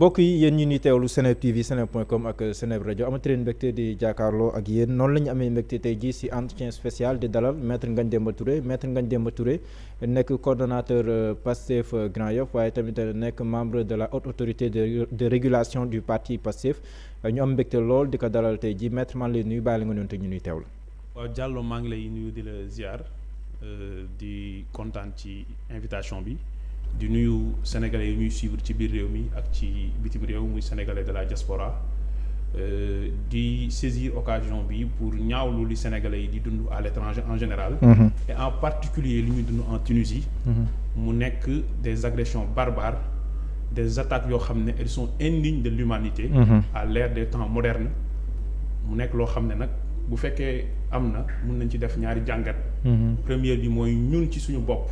bokk yi yéen ñu ni teewlu Seneweb TV seneweb.com ak Seneweb rajo amati leen mbégte di jàkkaarloo ak yéen noonu la ñu amee mbégte tey jii si entretien spécial di dalal maître Ngagne Demba Touré maître Ngagne Demba Touré nekk coordonnateur euh, Pastef euh, Grand Yoff waaye tamit euh, nekk membre de la haute autorité de régulation du parti Pastef ñu am mbégte lool di ko dalal tey jii maître man lay nuyu bàyyi la nga noonu te ñu nuy teewlu. waaw Diallo maa ngi lay nuyu di la ziar di kontaan ci invitation bi. di nuyu sénégalais yi ñuy suivre ci biir réew mi ak ci bitim réew muy sénégalais de la diaspora euh, di saisir occasion bi pour ñaawlu li sénégalais yi di dund à l'étranger en général mm-hmm. et en particulier li ñuy dund en Tunisie mm-hmm. mu nekk des agressions barbares des attaques yoo xam ne elles sont indignes de l'humanité mm-hmm. à de des temps modernes mu nekk loo xam ne nag bu fekkee am na mun nañ ci def ñaari jàngat première bi mooy ñun ci suñu bopp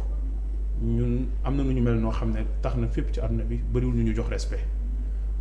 ñun am na nu ñu mel noo xam ne tax na fépp ci àdduna bi bëriwul ñu ñu jox respect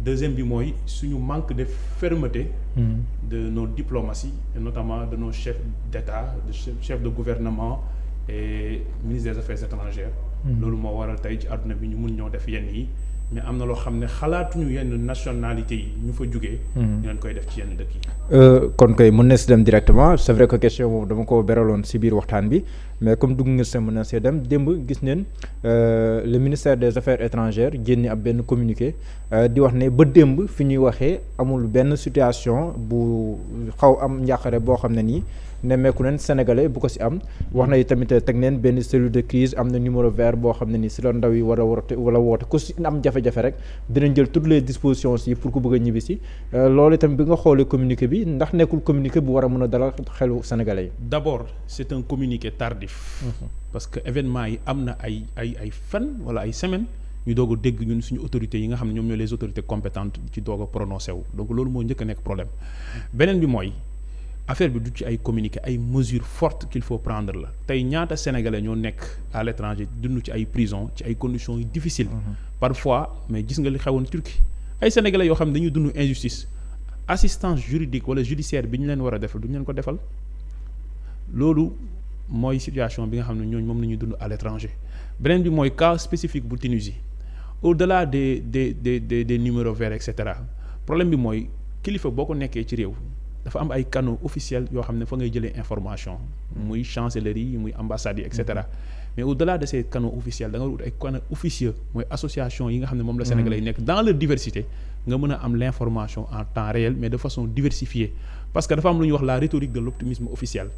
deuxième bi mooy suñu manque de fermeté hmm. de nos diplomaties et notamment de nos chefs d'État de chefs de gouvernement et ministre des affaires étrangères hmm. loolu moo waral tey ci àdduna bi ñu mun ñoo def yenn yi mais am na loo xam ne xalaatuñu yenn nationalité yi ñu fa jugee. Hmm. ñu leen koy def ci yenn dëkk yi. Euh, kon koy mën na si dem directement c'est que question boobu dama ko beraloon si biir waxtaan bi mais comme dugg nga si mën na see dem démb gis neen euh, le ministère des affaires étrangères génne ab benn communiqué euh, di wax ne ba démb fi ñuy waxee amul benn situation bu xaw am njàqare boo xam ne nii. nemmeeku leen sénégalais bu ko si am wax na tamit teg neen benn cellule de crise am na numéro vert boo xam ne ni si la ndaw yi war a woote wala woote ku si am jafe-jafe rek dinañ jël toutes les dispositions yi pour ku bëgg a ñibbi si euh, loolu tamit bi nga xoolee communiqué bi ndax nekkul communiqué bu war a mën a dalal xelu sénégalais yi. d' abord c' un communiqué tardif. Mhm. parce que événement yi am na ay ay ay fan wala ay semaine ñu doog a dégg ñun suñu autorités yi nga xam ne ñoom ñooy les autorités compétentes ci doog a wu donc loolu njëkk nekk problème mhm. beneen bi mooy. affaire bi du ci ay communiqué ay mesures fortes qu'il faut prendre la tey ñaata sénégalais ñoo nekk à l'étranger dund ci ay prison ci ay conditions yu difficiles. Mhm. parfois mais gis nga li xewoon Turquie ay sénégalais yoo xam ne dañuy dund injustice assistance juridique wala judiciaire bi ñu leen war a defal du ñu leen ko defal loolu mooy situation bi nga xam ne ñooñ moom la ñuy dund à l'étranger beneen bi mooy cas spécifique bu Tunisie au-delà des de des des numéros verts et cetera problème bi mooy kilifa boo ko nekkee ci réew. dafa am ay canaux officiels yoo xam ne fa ngay jëlee information muy chancellerie muy ambassades yi et cetera mm-hmm. mais au delà de ces canaux officiels da nga wut ay canaux officieux mooy association yi nga xam ne moom la mm-hmm. Sénégalais yi nekk dans leur diversité nga mën a am l' en temps réel mais de façon diversifiée parce que dafa am lu ñu wax la rhétorique de l' optimisme officiel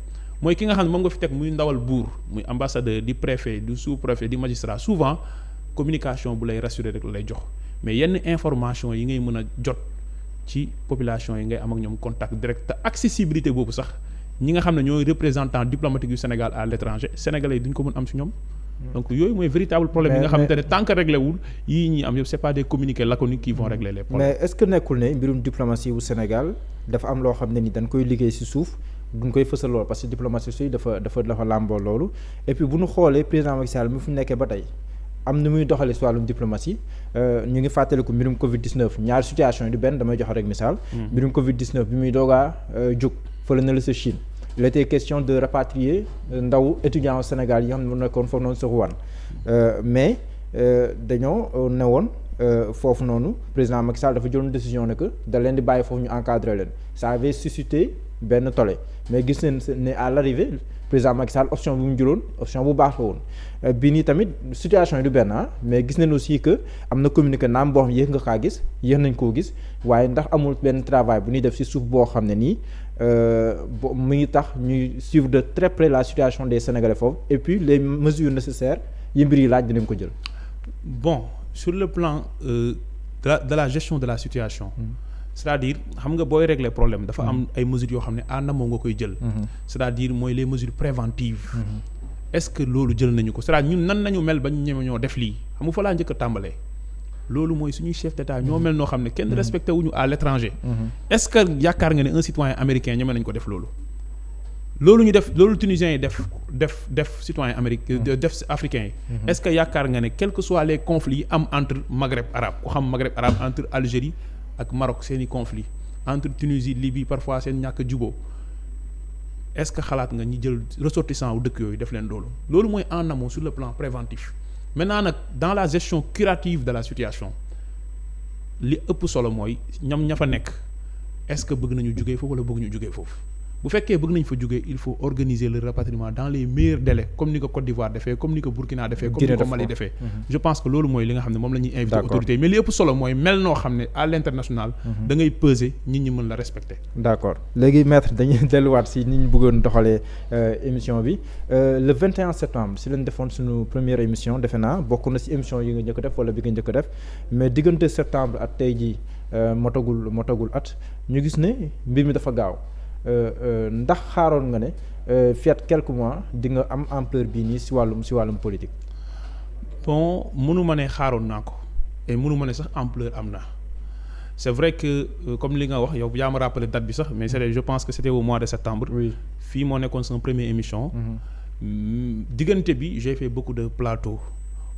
mooy ki nga xam ne moom nga fi teg muy ndawal buur muy ambassadeur di préfet du sous préfet di souvent communication bu lay rassurer rek la lay jox mais yenn information yi ngay mën a jot ci population yi ngay am ak ñoom contact direct te accessibilité boobu sax ñi nga xam ne ñooy représentant diplomatique yu Sénégal à l'étranger sénégalais yi duñ ko mën am si ñoom. Hmm. donc yooyu mooy véritable problème yi nga xamante ne tant que réglé wul yii ñuy am yëpp c'est pas des communiqués laconiques qui vont hmm. régler les problèmes. est-ce que nekkul ne mbirum diplomatie wu Sénégal dafa am loo xam ne ni dañ koy liggéey si suuf duñ koy fësal lool parce que diplomatie dafa dafa dafa làmboo loolu et puis xoolee président Macky Sall ba tey am na muy doxalee si wàllum diplomatie. Euh, ñu ngi fàttaliku mbirum Covid 19 ñaari situation yi du benn damay joxe rek misaal. Hmm. mbirum Covid 19 bi muy doogaa euh, jug fële na la sa Chine. il question de rapatrier euh, ndaw étudiant au Sénégal yi nga xam ne nekkoon foofu noonu sa Wuhan mais dañoo ne woon foofu noonu président Macky Sall dafa jëloon décision ne que da leen di bàyyi foofu ñu encadré leen ça avait suscité benn tollé mais gis nañ ne à l'arrivée président Macky Sall option bu mu jëloon option bu baax la woon euh, bii nii tamit situation yi du benn ah, mais gis nañ aussi que am na communiqué naam boo xam yéex nga kaa gis yéex nañ koo gis waaye ndax amul benn travail bu ñuy def ci suuf boo xam ne nii euh, bo mu ngi tax ñuy suivre de très près la situation des Sénégalais foofu et puis les mesures nécessaires yi mbir yi laaj dinañ ko jël. bon sur le plan euh, de la la gestion de la situation. Hmm. c'est-à-dire xam nga booy régler problème dafa am mm-hmm. ay mesures yoo xam ne en nga koy jël mm-hmm. c'est-à-dire mooy les mesures préventives mm-hmm. est loolu jël nañu ko c'est-à-dire ñun nan nañu mel ba ñu ñeme ñoo def lii xam nga a tàmbalee loolu mooy ne un citoyen américain ñeme nañu ko def loolu loolu ñu def loolu tunisien yi def def def citoyen américain def africain yi est yaakaar nga ne quel soit les conflits yi am entre Maghreb arabe ku xam Maghreb arabe entre Algérie ak Maroc seen i conflit entre Tunisie Libye parfois seen ñàkk juboo est-ce que xalaat nga ñi jël ressortissant wu dëkk yooyu def leen loolu loolu mooy en amont sur le plan préventif maintenant nag dans la gestion curative de la situation li ëpp solo mooy ñam ña fa nekk est-ce que bëgg nañu jugee foofu wala bëgg ñu jugee foofu bu fekkee bëgg nañ fa jógee il faut organiser le rapatriement dans les meilleurs délais comme ni ko Côte d'Ivoire defee comme ni ko Burkina defee comme ni ko Mali defee mhm. je pense que loolu mooy li nga xam ne moom la ñuy invité autorité mais li ëpp solo mooy mel noo xam ne à l'international mhm. da ngay peser ñi mën la respecter d'accord léegi maître dañuy delluwaat si ni ñu bëggoon doxalee euh, émission bi euh, le 21 septembre si leen defoon suñu première émission defe naa na si émission yi nga njëkk def wala bi nga njëkk def mais tey jii euh, motagul motagul at ñu gis ne mbir mi dafa gaaw Euh, euh, ndax xaaroon nga ne euh, fii at quelques mois di nga am ampleur bii nii si wàllum si wàllum politique. bon mënu ma ne xaaroon naa ko et mënu ma ne sax ampleur am na c' est vrai que comme li nga wax yow yaa ma rappelé date bi sax mais c' je pense que c' au mois de septembre. oui fii moo nekkoon sama première émission. Mhm. Mm, diggante bi j'ai fait beaucoup de plateaux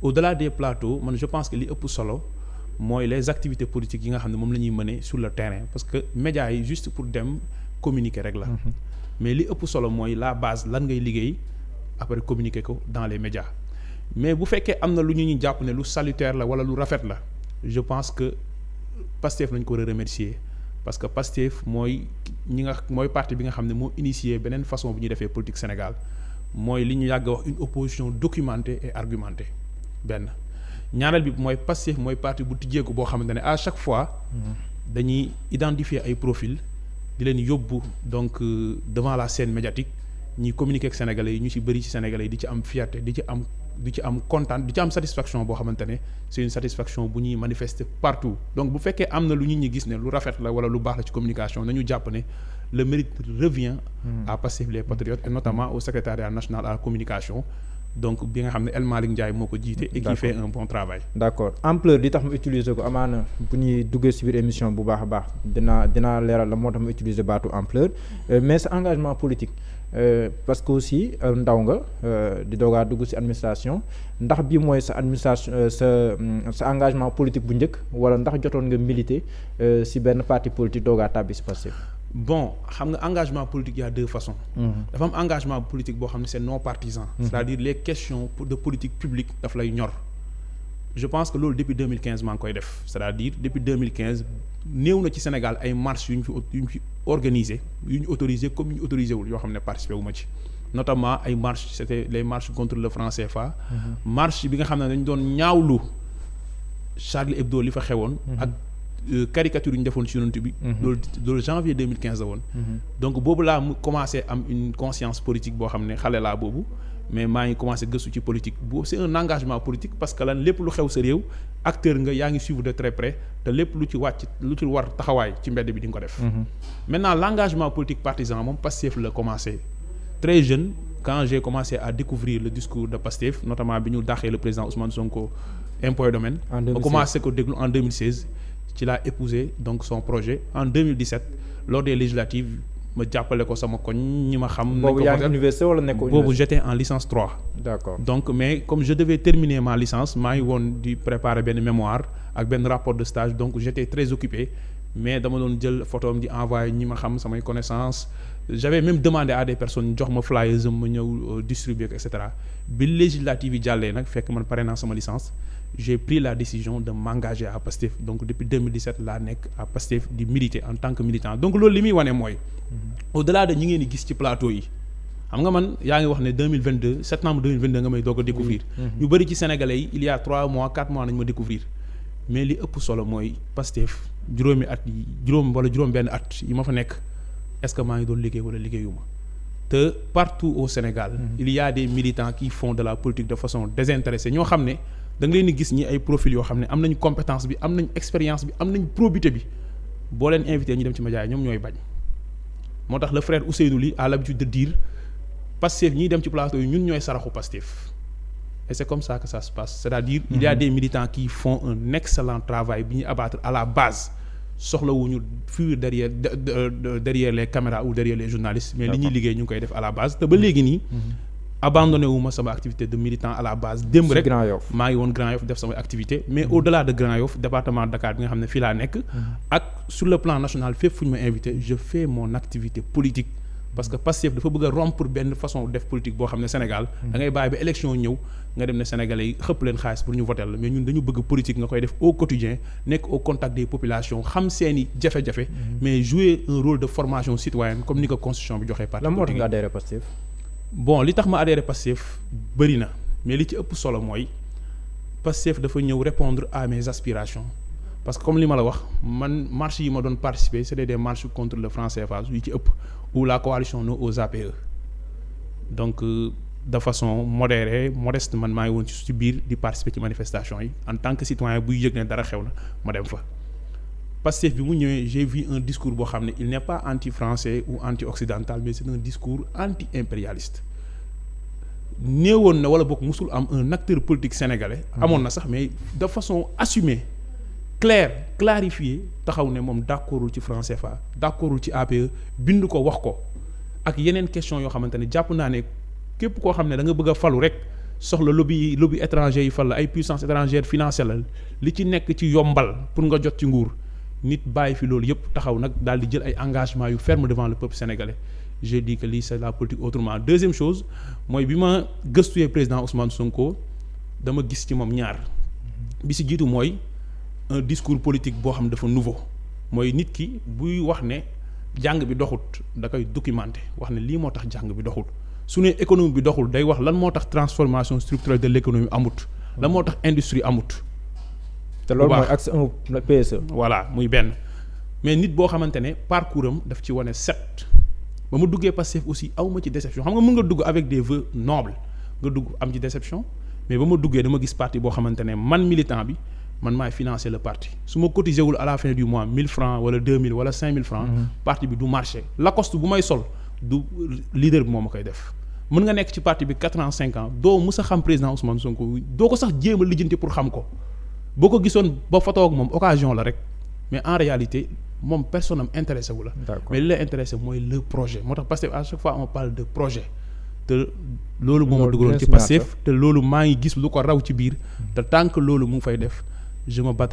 au-delà des plateaux man je pense que li ëpp solo mooy les activités politiques yi nga xam ne moom la ñuy mëne sur le terrain parce que médias yi pour dem. communiquer rek la. Mhm. mais li ëpp solo mooy la base lan ngay liggéey après communiqué ko dans les médias mais bu fekkee am na lu ñu ñu jàpp ne lu salutaire la wala lu rafet la je pense que Pastef nañ ko war a remercier parce que Pastef mooy ñi nga mooy parti bi nga xam ne moo initié beneen façon bu ñuy defee politique Sénégal mooy li ñu yàgg wax une opposition documentée et argumentée benn ñaareel bi mooy Pastef mooy parti bu tijjeeku boo xamante ne à chaque fois mhm. dañuy identifier ay profils di leen yóbbu donc euh, devant la scène médiatique ñuy communiquer ak sénégalais yi ñu ci bëri ci sénégalais yi di ci am fierté di ci am di ci am kontaan di ci am satisfaction boo xamante ne c'est une satisfaction bu ñuy manifester partout donc bu fekkee am na lu ñu ñi gis ne lu rafet la wala lu baax la ci communication nañu jàpp ne le mérite revient mm. à Pastef les patriotes et notamment au secrétariat national à communication donc bi nga xam ne El Malick Ndiaye moo ko jiite. et qui fait un bon travail. d' accord ampleur li tax mu utiliser ko amaana bu ñuy duggee si biir émission bu baax baax dinaa dinaa leeral la moo tax mu utiliser baatu ampleur euh, mais sa engagement politique. Euh, parce que aussi euh, ndaw nga di doogaa dugg ci administration ndax bii mooy sa administration sa mm, sa engagement politique bu njëkk walla ndax jotoon nga militer si benn parti politique doogaa tàbbi ci Pastef bon xam nga engagement politique y a deux mm-hmm. dafa am engagement politique boo xam ne c'est non partisan. Mm-hmm. c'est-à-dire les questions de politique publique daf lay ñor. je pense que loolu depuis 2015 maa ngi koy def c'est-à-dire depuis 2015 néew na ci Sénégal ay marches yu ñu fi yu yu ñu autoriser comme yu ñu autorisé wul yoo xam ne participé wu ci. notamment ay marches c'était les marches contre le franc CFA. Mm-hmm. marche bi nga xam ne dañu doon ñaawlu Charlie Hebdo li fa xewoon. ak Euh, caricature yi ñu defoon ci yonent bi. Mhm. loolu janvier la woon. Mhm. donc boobu laa mu commencé am une conscience politique boo xam ne xale laa boobu. mais maa ngi commencé gëstu ci politique bu c'est un engagement politique parce mhm. la commencé. très jeune quand j'ai commencé découvrir le discours de Pastef notamment bi ñu daxee le président Ousmane Sonko impôt domaine. en 2016 ma commencé ko déglu en ci laa épousé donc son projet en 2017 lors des législatives ma jàppale ko sama koñ ñi ma xam. boobu yaa ngi université wala nekkoon boobu j'étais en licence 3. d'accord donc mais comme je devais terminer ma licence maa ngi woon di préparer benn mémoire ak benn rapport de stage donc j'étais très occupé mais dama doon jël photo di envoyé ñi ma xam samay connaissances j'avais même demandé à des personnes jox ma flyers ma ñëw euh, distribuer ko et cetera bi législative yi jàllee nag fekk man pare naa sama j'ai pris la décision de m'engager à Pastef donc depuis 2017 laa nekk à Pastef di militer en tant que militant donc loolu li muy wane mooy mhm. au-delà de ñi ngeen di gis ci plateau yi xam nga man yaa ngi wax ne 2022 septembre 2022 nga may doog a découvrir mhm. ñu bëri ci sénégalais yi il y a 3 mois 4 mois nañu ma découvrir mais li ëpp solo mooy Pastef juróomi at yi juróom wala juróom benn at yi ma fa nekk est-ce que maa ngi doon liggéey wala liggéeyuma te partout au Sénégal mhm. il y a des militants qui font de la politique de façon désintéressée ñoo xam ne da nga leen gis ñi ay profil yoo xam ne am nañ compétence bi am nañ expérience bi am nañ probité bi boo leen invité ñu dem ci média ñoom ñooy bañ moo tax le frère Ousseynou li a l'habitude de dire Pastef ñiy dem ci plateau yi ñun ñooy saraxu Pastef et c'est comme ça que ça se passe c'est-à-dire il y a mm-hmm. des militants qui font un excellent travail bi ñuy abattre à la base soxlawuñu fuir derrière derrière les caméras ou derrière les journalistes mais li ñuy liggéey ñu ngi koy def la base ba léegi nii mm-hmm. abandonné wu ma sama activité de militant à la base démb rek maa ngi woon Grand Yoff def samay activité mais mm-hmm. au delà de Grand Yoff département Dakar bi nga xam ne fii nekk mm-hmm. ak sur le plan national fépp fu ñu ma invité je fais mon activité politique parce que Pastef dafa bëgg a rompre benn façon def politique boo xam ne Sénégal mm-hmm. da bàyyi ba élection ñëw nga dem ne Sénégalais xëpp leen xaalis pour ñu voter la mais ñun dañu bëgg politique nga bon li tax ma adhéré Pastef bëri na mais li ci ëpp solo mooy Pastef dafa ñëw répondre à mes aspirations parce que comme li ma la wax man marche yi ma doon participer c'était des marches contre le franc CFA yu ci ëpp ou la coalition non aux APE donc euh, de façon modérée modeste man maa ngi woon ci biir di participer ci manifestation yi en tant que citoyen buy yëg ne dara xew na ma dem fa Pastef bi mu ñëwee j'ai vu un discours boo xam ne il n'est pas anti-français ou anti-occidental mais c'est un discours anti-impérialiste néewoon na wala bokk mosul am un acteur politique sénégalais. Mm-hmm. amoon na sax mais de façon assumée claire clarifiée taxaw ne moom d'accordul ci franc CFA d'accordul ci APE bind ko wax ko ak yeneen question yoo xamante ne jàpp naa ne képp koo xam ne da nga bëgg a falu rek soxla lobby yi lobby étranger yi fal la ay puissances étrangères financières la li ci nekk ci yombal pour nga jot ci nguur. nit bàyyi fi loolu yëpp taxaw nag daal di jël ay engagement yu ferme devant le peuple sénégalais je dis que li c'est la politique autrement deuxième chose mooy bi ma gëstuwee président Ousmane Sonko dama gis ci moom ñaar bi si jiitu mooy un discours politique boo xam dafa nouveau mooy nit ki buy wax ne jàng bi doxut da koy documenté wax ne lii moo tax jàng bi doxul su ne économie bi doxul day wax lan moo tax transformation structurelle de l'économie amut lan moo tax industrie amut te loolu mooy accès un PSE. voilà muy benn mais nit boo xamante ne parcours am daf ci wane set ba ma duggee Pastef aussi aw ma ci déception xam nga mën nga dugg avec des vœux nobles nga dugg am ci déception mais ba ma duggee dama gis parti boo xamante ne man militant bi man maay financer le parti su ma cotiser wul à la fin du mois 1000 francs wala 2000 wala 5000 francs mhm. parti bi du marché Lacoste bu may sol du leader bi moo ma koy def. mën nga nekk ci parti bi quatre ans cinq ans doo mus a xam président sax jéem a lijjanti pour xam ko. boo ko gisoon ba photo ak moom occasion la rek mais en réalité moom personne am intéressé wu la. mais li la intéressé mooy le projet moo tax Pastef à chaque fois on parle de projet. te loolu moom ma dugaloon ci Pastef te loolu maa ngi gis lu ko raw ci biir. te tant que loolu mu fay def je me ba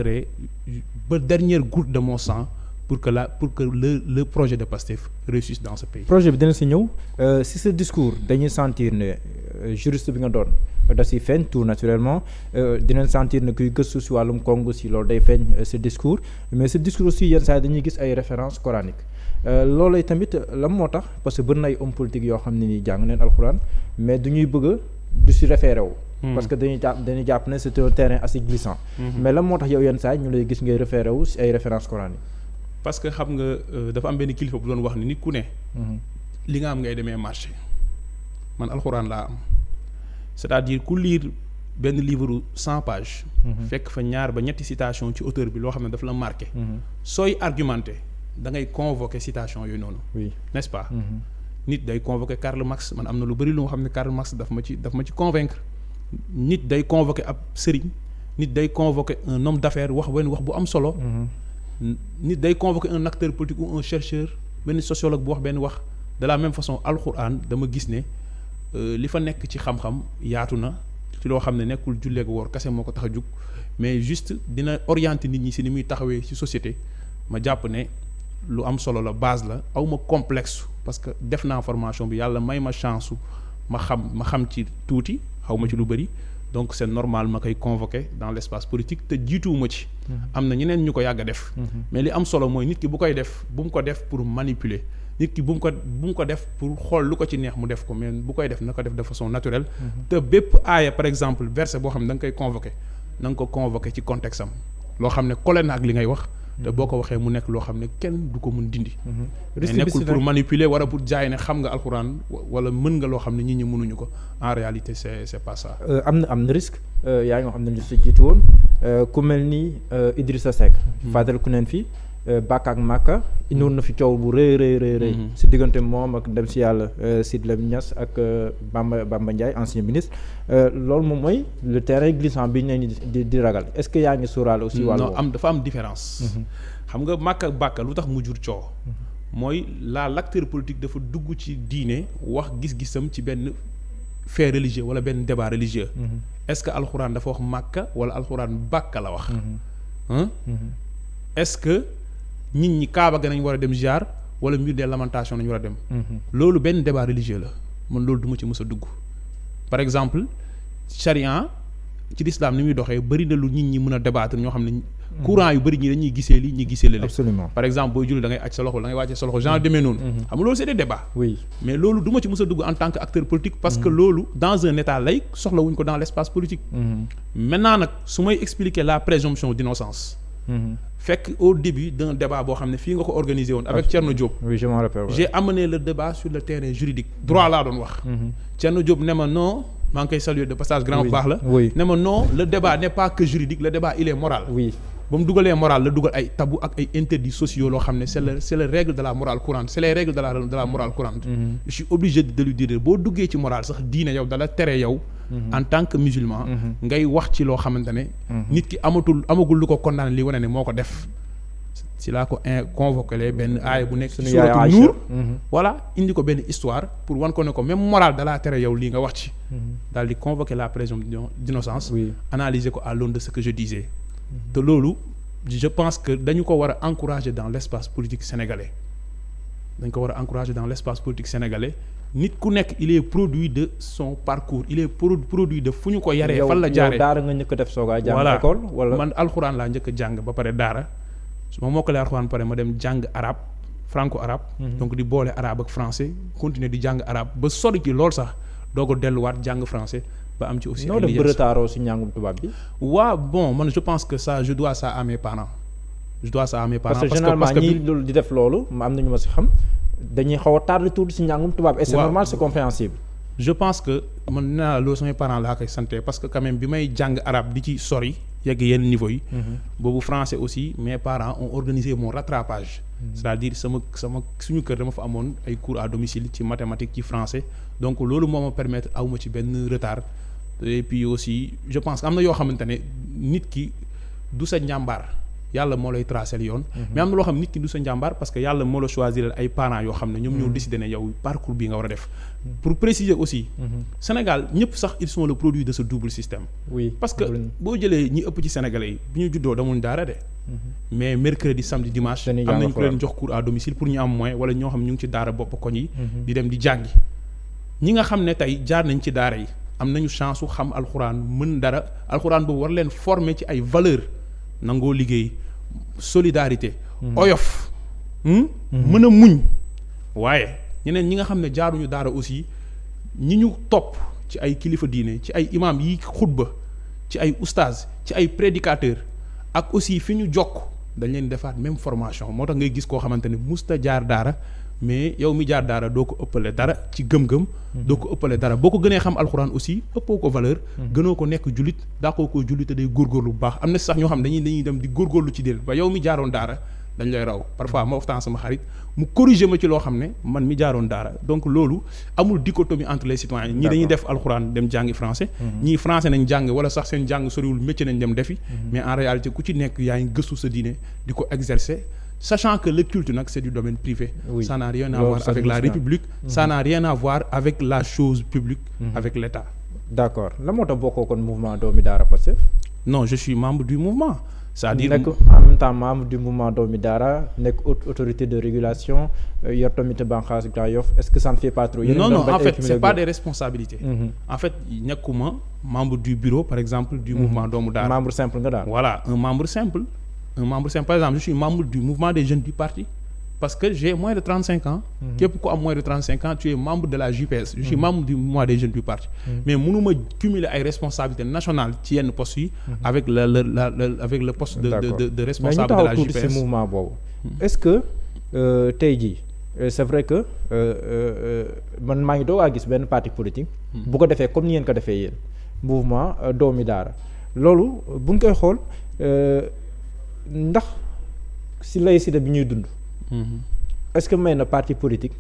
dernière goutte de mon sang pour que la pour que le le projet de Pastef réussisse dans ce pays. projet bi dina si ñëw euh, si ce discours dañuy sentir ne. Euh, juriste bi nga doon euh, da si feeñ tout naturellement euh, dinañ sentir ne kuy gëstu si wàllum Congo si loolu day feeñ ce discours mais ce discours aussi yenn saa dañuy gis ay références coraniques loolay tamit lan moo tax parce que ay hommes politiques yoo xam ne nii jàng neen alxuraan mais du ñuy bëgg a du si référé wu. Hmm. parce jàpp dañuy jàpp ne c'est un terrain assez glissant. Hmm. mais lan moo tax yow yenn saa ñu lay gis ngay référé si ay références coraniques. parce xam man alxuraan laa am c'est-à-dire ku liir benn livre cent pages. Mhm. fekk fa ñaar ba ñetti citation ci auteur bi loo xam ne daf la marqué. Mhm. sooy argumenté da ngay convoqué citation yooyu noonu. oui nest pas. Mhm. nit day convoqué Karl max man am na lu bëri lu nga xam ne Karl Marx dafa ma ci daf ma ci convaincre nit day convoqué ab sëriñ nit day convoqué un homme d'affaires wax wenn wax bu am solo. nit day convoqué un acteur politique un chercheur benn sociologue bu wax benn wax de la même façon alxuraan dama gis ne. Euh, li fa nekk ci xam-xam yaatu na ci loo xam ne nekkul julleek woor kese moo ko tax a jug mais juste dina orienter nit ñi si ni muy taxawee ci société ma jàpp ne lu am solo la base la aw ma complexe parce que def naa formation bi yàlla may ma chance ma xam ma xam ci tuuti xaw ma ci lu bëri donc c'est normal ma koy convoquer dans l'espace politique te jiituwuma ci mm-hmm. am na ñeneen ñu ko yàgg a def mm-hmm. mais li am solo mooy nit ki bu koy def bu mu ko def pour manipuler nit ki bu mu ko bu mu ko def pour xool lu ko ci neex mu def ko mais bu koy def na ko def de façon naturelle. Mhm. te par exemple verset boo xam ne da nga koy convoqué ko convoqué ci contexte loo xam ne collé na ak ngay wax. te mhm. boo ko waxee mu nekk loo xam ne kenn du ko mun dindi. Mhm. mais nekkul pour manipuler pour jaay ne xam nga alxuraan wala mën nga loo xam ne nit ñi mënuñu ko en réalité c' est c' am na am na risque euh, yaa ngi xam ne ñu si jiitu woon euh, ku mel ni euh, Idrissa Seck. fàttaliku neen fii. Euh, Bakk ak Makka indoon na fi coow bu rëy rëy rëy rëy mhm. si diggante moom ak dem si yàlla euh, Sidy Lamine Niass ak euh, Bamba Bamba Ndiaye ancien ministre loolu moom mooy le terrain glissant bi ñu di di ragal est-ce que yaa ngi suuraale aussi wàllu non am dafa am différence mhm. xam nga Makka ak lu tax mu jur coow mhm. mooy la l'acteur politique dafa dugg ci diine wax gis-gisam ci benn fait religieux wala benn débat religieux est-ce que alxuraan dafa wax Makka wala alxuraan Bakka la nit ñi Kaaba ga nañ war a dem ziar wala mur des lamentations nañ war a dem. Mhm. loolu benn débat religieux la man loolu du ma ci mës a dugg. par exemple charia ci lislaam ni muy doxee bëri lu nit ñi mën a débattre ñoo xam ne. Mhm. courant yu bëri ñi dañuy gisee li ñi gisee la. absolument par exemple booy julli da aj sa loxo da ngay wàcce sa loxo genre mhm. demee noonu. xam loolu c'est des débats. mais loolu du ci mës a dugg en tant que acteur politique. parce que loolu ko dans l'espace politique. maintenant nag su may expliquer la présomption d'innocence. fekk au début d'un débat boo xam ne fii nga ko organisé woon avec Thierno Diop oui je m'en rappelle sur le terrain juridique droit laa doon wax mhm. Thierno Diop ne ma non maa ngi koy saluer de passage grand bu baax la ne ma non le débat n'est pas que juridique le débat il est moral oui ba mu dugalee morale la dugal ay tabou ak ay interdits sociaux loo xam ne c'est le c'est les règles de la morale courante c'est les règles de la de la morale mhm. de boo duggee ci morale sax diine yow dala yow Mm-hmm. en tant que musulman. Mm-hmm. ngay wax ci loo xamante ne. Mm-hmm. nit ki amatul amagul lu ko condamné li wane ne moo ko def. si laa ko in convoqué benn aaya bu nekk. suñu yaay nuur voilà indi ko benn histoire pour wan ko ne ko même moral dalaa tere yow lii nga wax ci. daal di convoqué la préson présomption d'innocence. analyser ko à de ce que je disais. te loolu je pense que dañu ko war encourager dans l' espace politique sénégalais dañ ko war a encourager dans l' espace politique nit ku nekk il est produit de son parcours il est produit de fu ñu ko yaree. fan la jaaree daara nga njëkk def soogaa jàng wala man alxuraan laa njëkk jàng ba pare daara su ma mokkalee alxuraan pare ma dem jàng arab franco arabe. Mhm. donc di boole arabe ak français continuer di jàng arabe ba sori ci lool sax doo ko delluwaat jàng français. ba am ci aussi ay liggéey noo si njàngum tubaab bi. waa bon man je pense que ça je dois amee à je dois ça à mes parents. parce que généralement ñii di def loolu am na ñu ma si xam dañuy xaw a tardé tuuti si njàngum tubaab. et c'est normal c'est compréhensible. je pense que man nee naa loolu samay parents laa parce que quand même bi may jàng arabe di ci sori yegg yenn niveau yi. Mhm. boobu français aussi mes parents ont organisé mon rattrapage. Mhm. c'est-à-dire sama sama suñu kër dama fa amoon ay cours à domicile ci mathématiques ci français donc loolu moo ma permettre awma ci benn retard et aussi je pense am na yoo xamante ne nit ki du sa njàmbaar. yàlla moo lay tracel yoon mhm. mais am na loo xam nit ki du sa njàmbaar parce que yàlla moo la choisir ay parents yoo xam ne ñoom ñoo mhm. décidé ne yow parcours bi nga war a def mhm. pour préciser aussi Sénégal ñëpp sax ils sont le produit de ce double système parce que boo jëlee ñi ëpp ci sénégalais yi bi ñu juddoo damuñ daara de mais mercredi samedi dimanche am nañ ko leen jox cours à domicile pour ñu am moyen wala ñoo xam ñu ngi ci daara bopp koñ yi di ñi nga xam ne tey jaar nañ ci daara yi am nañu chance su xam alxuraan mën dara alxuraan boobu war leen former ci ay valeurs nangoo liggéey solidarité mm. oyof hmm? mm-hmm. mën a muñ waaye ñeneen ñi nga xam ne jaaruñu daara aussi ñi ñu topp ci ay kilifa diine ci ay imaam yi xutba ci ay oustaz ci ay prédicateur ak aussi fi ñu jokk dañ leen defaat même formation moo tax ngay gis koo xamante ne musta jaar daara mais yow mi jaar daara doo ko ëppale dara ci gëm-gëm mhm. doo ko ëppale dara boo ko gënee xam alxuraan aussi ëppoo ko valeur mhm. gënoo ko nekk jullit dàqoo ko jullit te day góorgóorlu bu baax am na sax ñoo xam dañuy dañuy dem di góorgóorlu ci déel ba yow mi jaaroon daara dañ lay raw ma waxtaan sama mu corriger ma ci loo xam ne man mi jaaroon daara donc loolu amul dichotomie entre les citoyens ñii dañuy def alxuraan dem jàngi français mhm. ñii français nañ jàng wala sax seen jàng soriwul métier nañ dem defi mais en réalité ku ci nekk yaa ngi gëstu sa diine sachant que le culte nag c'est du domaine privé oui. ça n'a rien à avec la république mhm. ça n'a rien à avec la chose publique mhm. avec l'État d'accord la moo tax bokkoo kon mouvement doomi daara Pastef non je suis membre du mouvement c'est-à-dire nekk en même membre du mouvement doomi daara nekk autorité de régulation euh, yor tamit banqaas Grand Yoff est-ce que ça ne fait pas non non en fait c'est pas des responsabilités mhm. en fait nekkuma membre du bureau par exemple du mouvement doomu daara membre simple nga daal membre simple membre simple par exemple je membre du mouvement des jeunes du parti parce que j'ai moins de trente cinq ans mhm. képp ku am moins de trente cinq ans tu es membre de la JPS je suis mhm. membre du mouvement des jeunes du parti mhm. mais mënuma cumuler ay responsabilités nationales ci yenn postes yi avec la la la avec le poste de de de responsable mouvement boobu est-ce que euh, tey jii euh, c'est vrai que euh, man maa ngi doog a gis benn parti politique bu ko defee comme ni ngeen ko defee yéen mouvement doomi daara loolu bu koy xool ndax si laïcité bi ñuy dund. Mm-hmm. est-ce que may na parti politique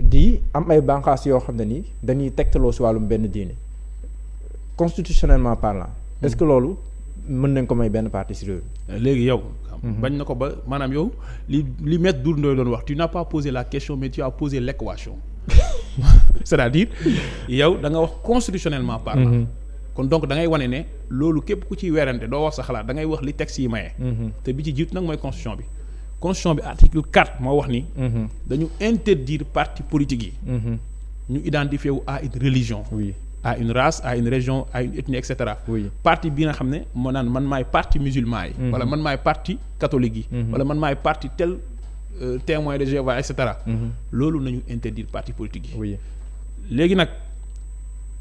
di am ay bànqaas yoo xam ne nii dañuy tegtaloo si wàllum benn diine constitutionnellement parlant. est-ce que mm-hmm. loolu mën nañ ko may benn partie si réew léegi yow. Mm-hmm. bañ na ko ba maanaam yow li li maître Doudou Ndoye doon wax tu n'as pas la question mais tu as posé l'équation c'est-à-dire yow da nga wax constitutionnellement parlant. kon donc da ngay wane ne loolu képp ku ci werante doo wax sa xalaat da ngay wax li texte yi maye. Mm-hmm. te bi ci jiitu nag mooy constitution bi. constitution bi article quatre moo wax ni. Mm-hmm. dañu interdire parti politique yi. Mm-hmm. ñu identifié wu à une religion. oui à une race à une région à une ethnie et cetera. oui parti bi nga xam ne moo naan man maay parti musulman yi. wala man maay parti catholique yi. wala man maay parti tel euh, témoin de Jéhovah et loolu nañu interdire parti politique yi. oui léegi nag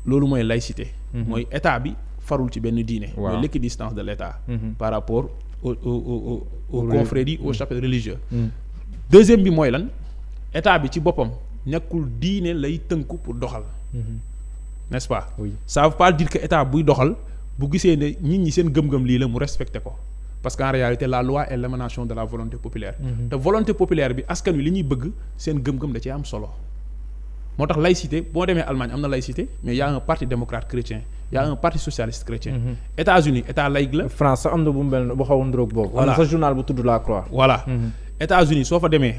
loolu mooy laïcité. Mm-hmm. mooy état bi farul ci benn diine. waaw mooy l'équidistance de l'état. Mm-hmm. par rapport au au au au aux confréries aux deuxième bi mooy lan état bi ci boppam nekkul diine lay tënk pour doxal. Mm-hmm. n'est-ce pas. oui ça veut état buy doxal bu gisee ne nit ñi seen gëm-gëm lii la mu respecté ko. parce qu'en réalité la loi est l'émanation de la volonté populaire. te volonté populaire bi askan wi li ñuy bëgg seen gëm-gëm da cee am solo. moo tax laïcité boo demee Allemagne am na laïcité mais y' a parti démocrate chrétien y' a parti socialiste chrétien. Mhm. États-Unis état laïque la. France sax am na bu mu mel bu xaw a ndróog boobu. voilà am na sa journal bu tudd la croix. voilà mhm. États-Unis soo fa demee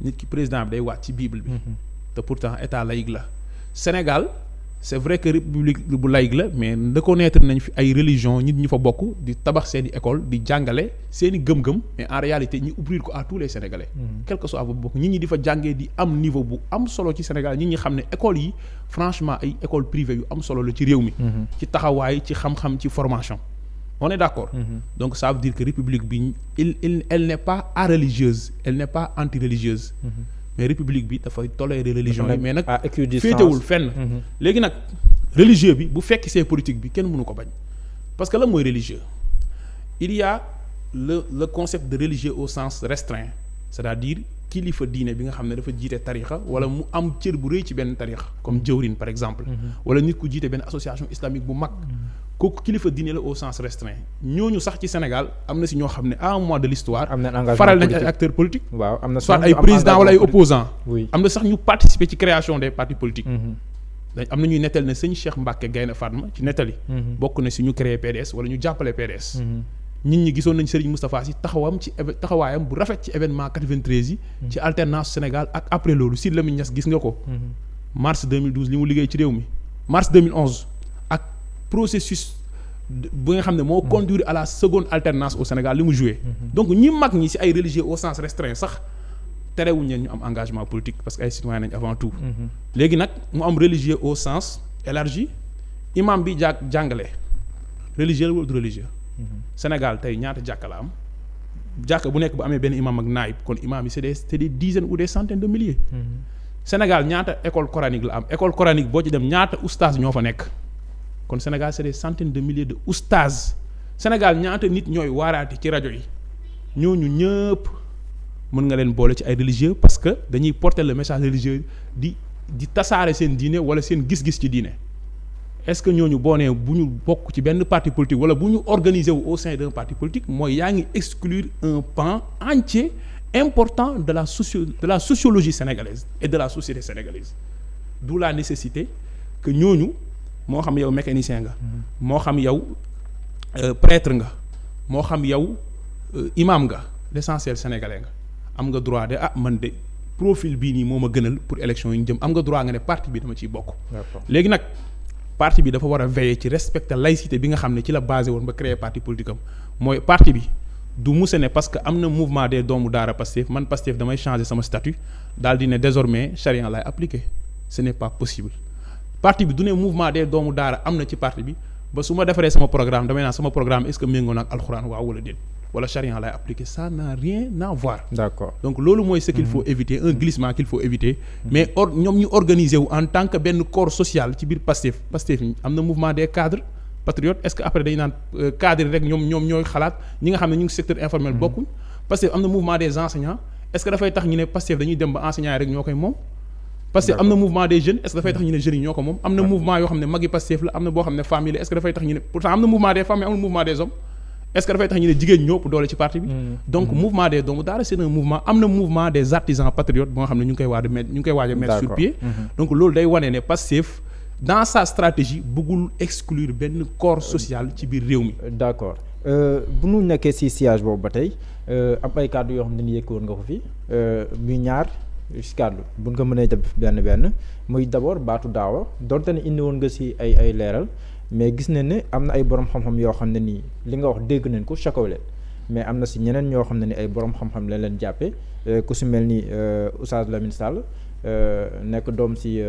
nit ki président bi day waat ci bible bi. Mhm. te pourtant état laïque la Sénégal. c'est vrai que république bu laïque la mais reconnaître nañ fi ay religion nit ñu fa bokk di tabax seeni école di jàngale seeni gëm-gëm mais en réalité ñu ouvrir ko à tous les sénégalais. Mm-hmm. soit fa bokk nit ñi di fa jàngee di am niveau bu am solo ci Sénégal nit ñi xam ne école yi franchement ay école privée yu am solo la ci réew mi. Mm-hmm. ci taxawaay ci xam-xam ci formation. on d'accord. Mm-hmm. donc ça dire que république bi il il elle n'est pas anti-religieuse. mais république bi dafay tolérer religion yi mais nag féetewul fenn mhm. léegi nag religieux bi bu fekk see politique bi kenn mënu ko bañ parce que la mooy religieux il y a le le concept de religieux au sens restreint c'est-à-dire kilifa diine bi nga xam ne dafa jiite tarixa wala mu am cër bu rëy ci benn tarixa comme jëwrin par exemple mhm. wala nit ku jiite benn association islamique bu mag mhm. kooku kilifa diine la au sens restreint ñooñu sax ci Sénégal am na si ñoo xam ne am na soit ay président wala am na sax ñu participer ci création des partis politiques mhm. dañ am na ñuy nettal ne sëñ Cheikh Mbacke Gaynde Fatma ci nettali mhm. bokk na si ñu créer PDS wala ñu jàppale PDS mhm. nit ñi gisoon nañ Serigne Moustapha Sy taxawam ci taxawaayam bu rafet ci événement yi ci alternance Sénégal ak après loolu Sidy Lamine gis nga ko mars li mu liggéey ci réew mi mars processus bu nga xam ne moo conduire à la seconde alternance au Sénégal li mu joué. Mhm. donc ñi mag ñi ci ay religieux au sens restreint sax terewuñ leen ñu am engagement politique parce que ay citoyen nañ avant tout. Mhm. léegi nag mu am religieux au sens élargi imam bi jàng jàngale religieux la wala du religieux. Mhm. Sénégal tey ñaata jàkka la am. jàkka bu nekk bu amee benn imam ak naayib kon imam yi c'est des c'est des dizaines ou des centaines de milliers. Sénégal ñaata école boo ci dem ñaata oustaz ñoo fa nekk. kon Sénégal c'est des centaines de milliers de oustaz Sénégal ñaata nit ñooy waaraati ci rajo yi ñooñu ñëpp mën nga leen boole ci ay religieux parce que dañuy porter le message religieux di di tasaare seen diine wala seen gis-gis ci diine est-ce que ñooñu boo nee bu ñu bokk ci benn parti politique wala bu ñu organiser wu au sein d'un parti politique mooy yaa ngi exclure un pan entier important de la socio de la sociologie sénégalaise et de la société sénégalaise d'où la nécessité que ñooñu moo xam yow mécanicien nga mhm. moo xam yow euh, prêtre nga moo xam yow euh, imam nga l'essentiel sénégalais nga am nga droit de ah man de profil bii nii moo ma gënal pour élection yi ñu jëm am nga droit nga ne parti bi dama ci bokk léegi nag parti bi dafa war a veiller ci respecter laïcité bi nga xam ne ci la basé woon ba créer parti politique am mooy parti bi du musa ne parce que am na mouvement de doomu daara Pastef man Pastef damay changer sama statut dal di ne désormais charia laay appliqué ce n'est pas parti bi du ne mouvement des doomu daara am na ci parti bi ba su ma defaree sama programme damay naan sama programme est-ce que méngoo na ak alxuraan waaw wala déet wala charia lay appliquer ça n'a rien à donc loolu mooy ce qu'il mm-hmm. mm-hmm. mm-hmm. mais or ñoom ñu organiser wu en tant que benn corps social ci biir Pastef Pastef am na mouvement des cadres patriotes est-ce que après dañu naan euh, cadres rek ñoom ñooy xalaat ñi nga xam ne ñu ngi secteur informel bokkuñ Pastef am na mouvement des enseignants est-ce que dafay tax dem ba enseignants yi parce que am na mouvement des jeunes est dafay tax ñu ne jeunes yi ñoo ko moom am na mouvement yoo xam ne magi Pastef la am na boo xam ne femme est dafay tax ñu ne pourtant am na mouvement des femmes amul mouvement des hommes est dafay tax ñu ne jigéen ñoo ëpp doole ci parti bi hmm. donc hmm. mouvement des doomu daara c'est un mouvement am na mouvement des artisans patriotes boo xam ne ñu ngi koy waaj a mettre ñu ngi koy waaj a mettre sur pied hmm. donc loolu day wane ne social ci biir réew mi d'accord euh, bu ñu nekkee si siège boobu ba tey euh, am ay yoo xam ne ni Scarlett buñ ko mënee def benn benn muy d'abord baatu daawa donte ne indi woon nga si ay ay leeral mais gis nañ ne am na ay borom xam-xam yoo xam ne nii li nga wax dégg nañ ko chakawle mais am na si ñeneen ñoo xam ne ni ay borom xam-xam lañ leen jàppee euh, ku si mel ni euh, Oustaz Lamine Sall euh, nekk doom si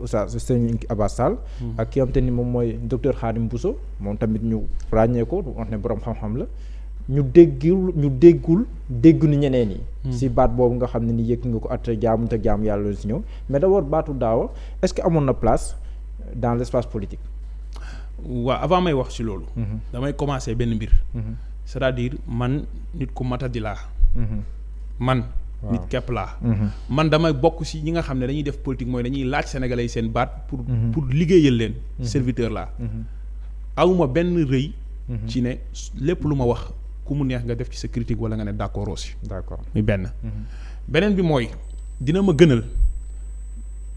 Oustaz Sëñ Abbas Sall. Hmm. ak ki nga xam te ni moom mooy docteur Khadim Bousso moom tamit ñu ràññee ko wax ne boroom xam-xam la. ñu déggul ñu déggul dégguñu ñeneen yi hmm. si baat boobu nga xam ne ni yëg nga ko at jaamu te jaamu yàlla si ñëw mais d'abord baatu daawa est-ce que amoon na place dans l'espace politique waaw avant may wax si loolu mhm. damay commencer benn mbir mhm. c'est-à-dire man nit ku matadi laa mhm. man nit képp laa man damay bokk si ñi nga xam ne dañuy def politique mooy dañuy laaj sénégalais yi seen baat pour pour liggéeyal leen serviteur laa awuma benn rëy ci ne lépp lu ma wax ku mu neex nga def ci sa critique wala nga ne d'accord aussi. d'accord muy benn. Mhm. beneen bi mooy dina ma gënal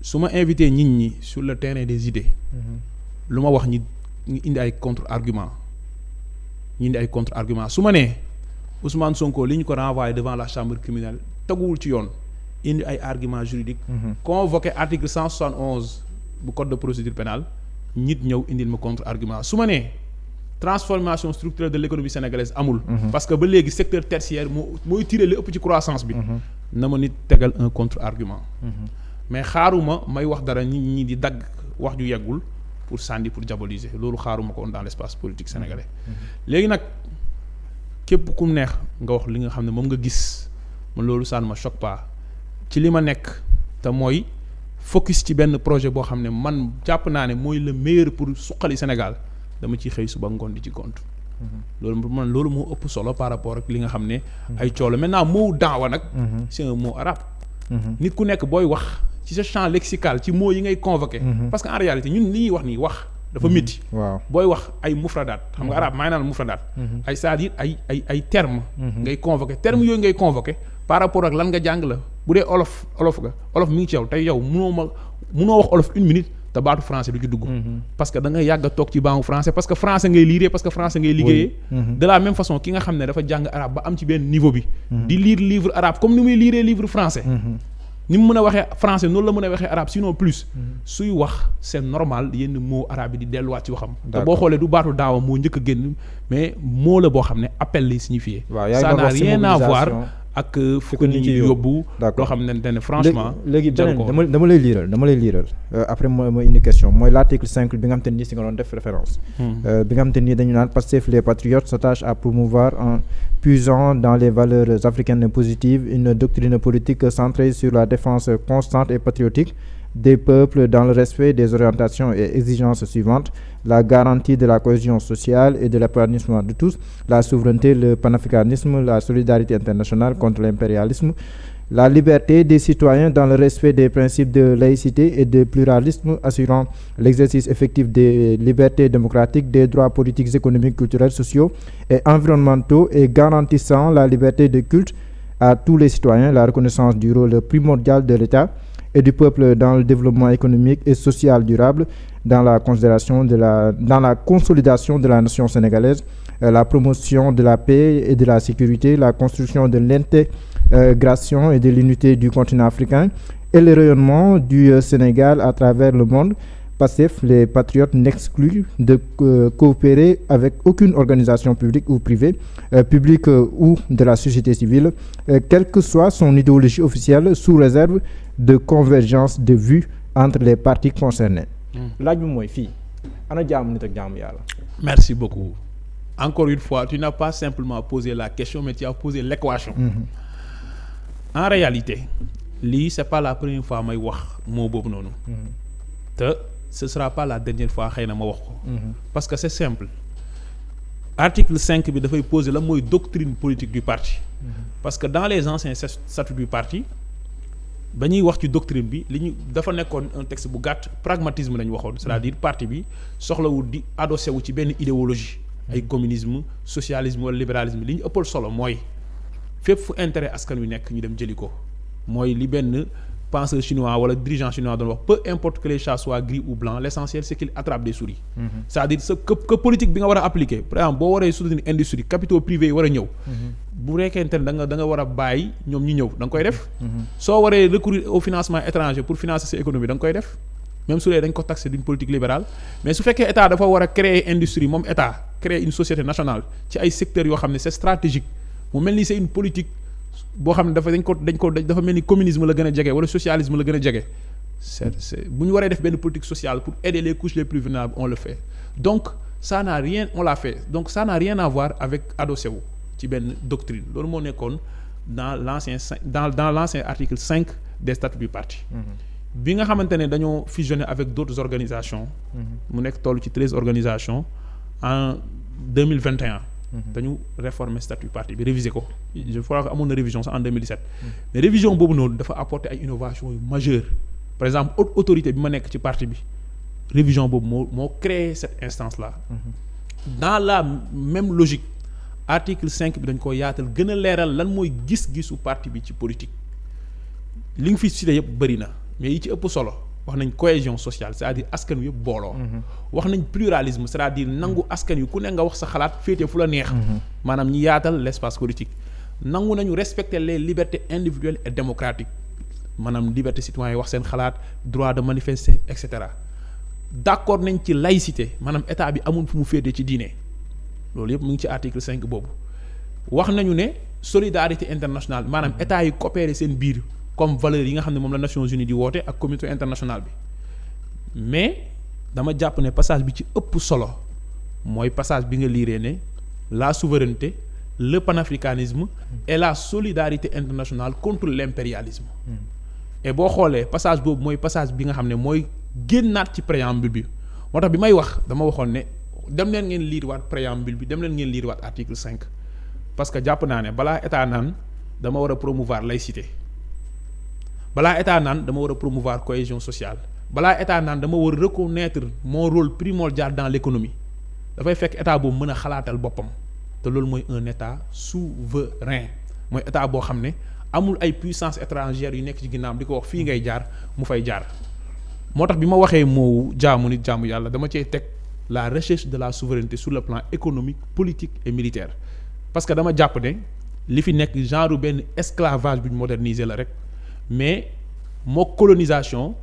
su ma invité nit ñi sur le terrain des idées. Mhm. lu ma wax ñi ñu indi ay contre argument ñu indi ay contre argument su ma nee Ousmane Sonko li ñu ko renvoyé devant la chambre criminelle teguwul ci yoon indi ay argument juridique mhm. convoqué article cent soixante onze bu code de procédure pénale nit ñëw indil ma contre argument su ma nee. transformation structurelle de l'économie sénégalaise amul. Mhm. parce que ba léegi secteur tertiaire moo mooy tiré li ëpp ci croissance bi. Mhm. na ma nit tegal un contre-argument. Mhm. mais xaaruma may wax dara nit ñi di dagg wax ju yeggul pour sànni pour diaboliser loolu xaaruma ko woon dans l'espace politique sénégalais. léegi nag képp kum neex nga wax li nga xam ne moom nga gis ma loolu sànn ma choque pas ci li ma nekk te mooy focus ci benn projet boo xam ne man jàpp naa ne mooy le meilleur pour suqali Sénégal. dama ciy xëy suba ngoon di ci gont mhm. loolu man loolu moo ëpp solo par rapport ak li nga xam ne mhm. ay coolo maintenant mot daawa nag mhm. c'est un mot arabe nit ku nekk booy wax ci sa champ lexical ci mots yi ngay convoqué parce que en réalité ñun li ñuy wax nii wax par rapport ak lan nga jàng la bu dee olof olof nga olof mi ngi ci yow tey yow munoo ma munoo wax olof une minute te baatu français du ci dugg. Mhm. parce que da yàgg a toog ci banque français parce que français ngay liiree parce que français ngay liggéeyee. Mhm. de la même façon ki nga xam ne dafa jàng arabe ba am ci benn niveau bi. Mhm. di lire livre arabe comme ni muy liiree livre français. ni mu mën a waxee français noonu la mën a waxee arabe sinon plus. suy wax c'est normal yenn mots arabe yi di delluwaat ci waxam. te boo xoolee du baatu daawa moo njëkk a génn mais mot la boo xam ne appel lay signifier. waaw ça n'a ak fu ko nit ñi yóbbu loo dama lay liiral dama lay liiral euh, après mooy mooy indi question mooy l'article cinq bi nga xam te nii si nga doon def référence hmm. euh, bi nga xam te nii dañu naan Pastef les patriotes s'attachent à promouvoir en puisant dans les valeurs africaines positives une doctrine politique centrée sur la défense constante et patriotique des peuples dans le respect des orientations et exigences suivantes la garantie de la cohésion sociale et de l'épanouissement de tous la souveraineté le panafricanisme la solidarité internationale contre l'impérialisme la liberté des citoyens dans le respect des principes de laïcité et de pluralisme assurant l'exercice effectif des libertés démocratiques, des droits politiques, économiques, culturels, sociaux et environnementaux et garantissant la liberté de culte à tous les citoyens, la reconnaissance du rôle primordial de l'État et du peuple dans le développement économique et social durable, dans la considération de la, dans la consolidation de la nation sénégalaise, euh, la promotion de la paix et de la sécurité, la construction de l'intégration et de l'unité du continent africain et le rayonnement du euh, Sénégal à travers le monde. PASTEF, les patriotes n'excluent de euh, coopérer avec aucune organisation publique ou privée, euh, publique ou de la société civile, quelle que soit son idéologie officielle, sous réserve de convergence de vues entre les parties concernées. Hmm. laaj bi mooy fii ana jaamu nit ak jaamu yàlla. merci beaucoup encore une fois tu n'as pas simplement posé la question mais tu as posé mm-hmm. en réalité lii c'est pas la première fois may wax moo boobu noonu. Mm-hmm. te ce sera pas la dernière fois xëy na ma wax ko. Mm-hmm. parce que c'est simple. article cinq bi dafay poser la mooy doctrine politique du parti. parce que dans les anciens statuts du parti. ba ñuy wax ci doctrine bi li ñu dafa nekkoon un bu gàtt pragmatisme la waxoon c'est-à-dire bi soxlawul di adossé wu ci benn idéologie ay communisme socialisme wala libéralisme li ñu ëppal solo mooy fépp fu intérêt askan wi nekk ñu dem jëli ko mooy li benn penseur chinois wala dirigeant chinois doon wax peu importe que les chats soient gris ou blancs l'essentiel c'est qu'ils souris mm-hmm. cest dire ce que que politique bi nga war a appliquer par exemple boo waree soutenir industrie capitaux privés yi war a ñëw mm-hmm. bu rekkente ne da nga war a bàyyi ñoom ñi ñëw da koy def mm-hmm. soo waree recourir au financement étranger pour financer sa économie da koy def même su dee dañ ko taxé d'une politique libérale mais su boo xam ne dafa dañ ko dañ ko dafa mel ni communisme la gën a jege wala socialisme la gën a jege bu ñu waree def benn politique sociale pour aider les couches les plus vulnérables on le fait donc ça n'a rien on l'a fait donc ça n'a rien à avec adossé wu ci benn doctrine loolu moo nekkoon dans l'ancien dans dans l'ancien article cinq des statuts du parti mm-hmm. bi nga xamante ne dañoo fusionné avec d'autres organisations mm-hmm. mu nekk toll ci treize organisations en deux mille vingt et Mhm. dañu réformer statut parti bi réviser ko je crois que amoon na révision sax en 2017 mhm. mais révision boobu noonu dafa apporter ay innovation yu majeure par bi ma nekk ci parti bi révision boobu moo moo créer cette instance là mhm. dans la même logique article cinq bi dañ ko yaatal gën a leeral lan mooy gis-gisu parti bi ci politique li nga fi cité yëpp bëri mais yi ci ëpp solo wax nañ cohésion sociale c'est-à-dire askan wi yëpp booloo. wax nañ pluralisme c'est-à-dire nangu askan wi ku ne nga wax sa xalaat féete fu la neex. maanaam ñi yaatal l'espace politique. nangu nañu respecter les libertés individuelles et démocratiques maanaam liberté citoyen yi wax seen xalaat droit de manifester et cetera d'accord nañ ci laïcité maanaam état bi amul fu mu féete ci diine loolu yëpp mu ngi ci article cinq boobu wax nañu ne solidarité international maanaam état yi coopérer seen biir. comme valeur yi nga xam ne moom la Nations Unies di woote ak communauté internationale bi mais dama jàpp ne passage bi ci ëpp solo mooy passage bi nga liiree ne la souveraineté le panafricanisme et la solidarité internationale contre l'impérialisme et boo xoolee passage boobu mooy passage bi nga xam ne mooy génnaat ci préambule bi moo tax bi may wax dama waxoon ne dem leen ngeen liir waat préambule bi dem leen ngeen liir waat article cinq que jàpp naa ne balaa état naan dama war a promouvoir laïcité balaa état naan dama war a promouvoir cohésion sociale balaa état naan dama war a moo mon rôle primordial dans l' économie dafay fekk état boobu mën a xalaatal boppam te loolu mooy un état souverain mooy état boo xam ne amul ay puissance étrangère yu nekk ci ginnaam di ko wax fii ngay jaar mu fay jaar moo tax bi ma waxee moowu jaamu nit jaamu yàlla dama cee teg la recherche de la souveraineté sur le plan économique politique et militaire parce que dama jàpp ne li fi nekk genre benn esclavage buñ moderniser la rek mais mook colonisation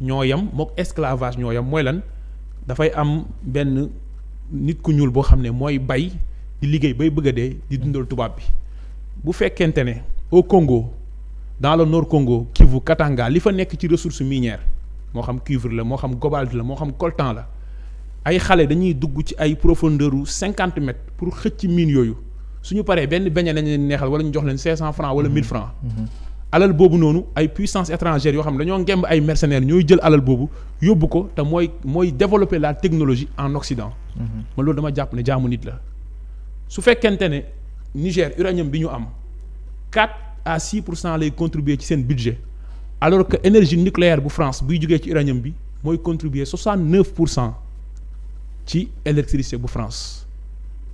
ñoo yem mook esclavage ñoo yem mooy lan dafay am benn nit ku ñuul boo xam ne mooy bay di liggéey bay bëgg a di dundal tubaab bi bu fekkente ne au Congo dans le nord Congo Kivu Katanga li fa nekk ci ressource minière moo xam cuivre la moo xam cobalt la moo xam coltan la ay xale dañuy dugg ci ay profondeur u cinquante mètres pour xëcc mine yooyu suñu paree benn beñe lañ leen neexal wala ñu jox leen cinq cent francs wala mille mhm. francs mhm. alal boobu noonu ay puissance étrangère yoo xam ne dañoo ngemb ay mercenaires ñooy jël alal boobu yóbbu ko te mooy mooy développer la technologie en Occident. Mhm. ma loolu dama jàpp ne jàmm nit la. su fekkente ne Niger uranium bi ñu am 4 à 6 pour cent lay contribuer ci seen budget alors que énergie nucléaire bu France buy jógee ci uranium bi mooy contribuer 69 pour cent ci électricité bu France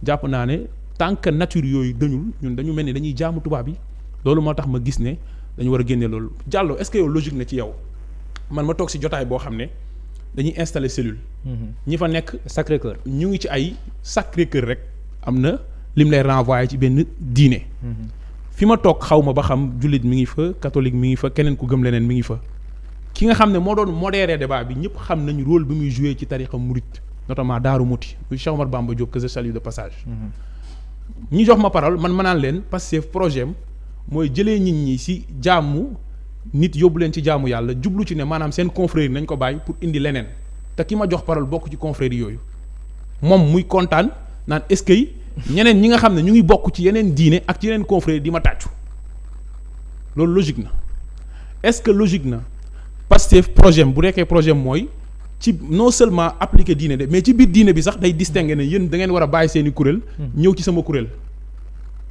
jàpp naa ne tant que nature yooyu dañul ñun dañu mel ni dañuy jaamu tubaab yi loolu moo tax ma gis ne. dañu war a génne loolu jàlloo est-ce yow logique na ci yow man ma toog si jotaay boo xam ne dañuy installer cellule. Mm-hmm. ñi fa nekk. Sacré Cœur ñu ngi ci ay Sacré Cœur rek am na lim lay renvoyer ci benn diine. Mm-hmm. fi ma toog xaw ma ba xam jullit mi ngi fa catholique mi ngi fa keneen ku gëm leneen mi ngi fa. ki nga xam ne moo doon modéré débat bi ñëpp xam nañu rôle bi muy joué ci tariqa murit notamment Daaru Muti muy Cheikh Omar Bamba Diop que je salue de passage. Mm-hmm. ñi jox ma parole man ma naan leen parce que projet mooy jëlee nit ñi si jaamu nit yóbbu leen ci jàmmu yàlla jublu ci ne maanaam seen confrérie nañ ko bàyyi pour indi leneen te ki ma jox parole bokk ci confrérie yooyu moom muy kontaan naan est-ce que ñeneen ñi nga xam ne ñu ngi bokk ci yeneen diine ak ci yeneen confrérie di ma tàccu loolu logique na est-ce que logique na Pastef projet bu nekkee projet mooy ci non seulement appliquer diine de mais ci biir diine bi sax day distinguer ne yéen dangeen war a bàyyi seen kuréel. Hmm. ñëw ci sama kuréel.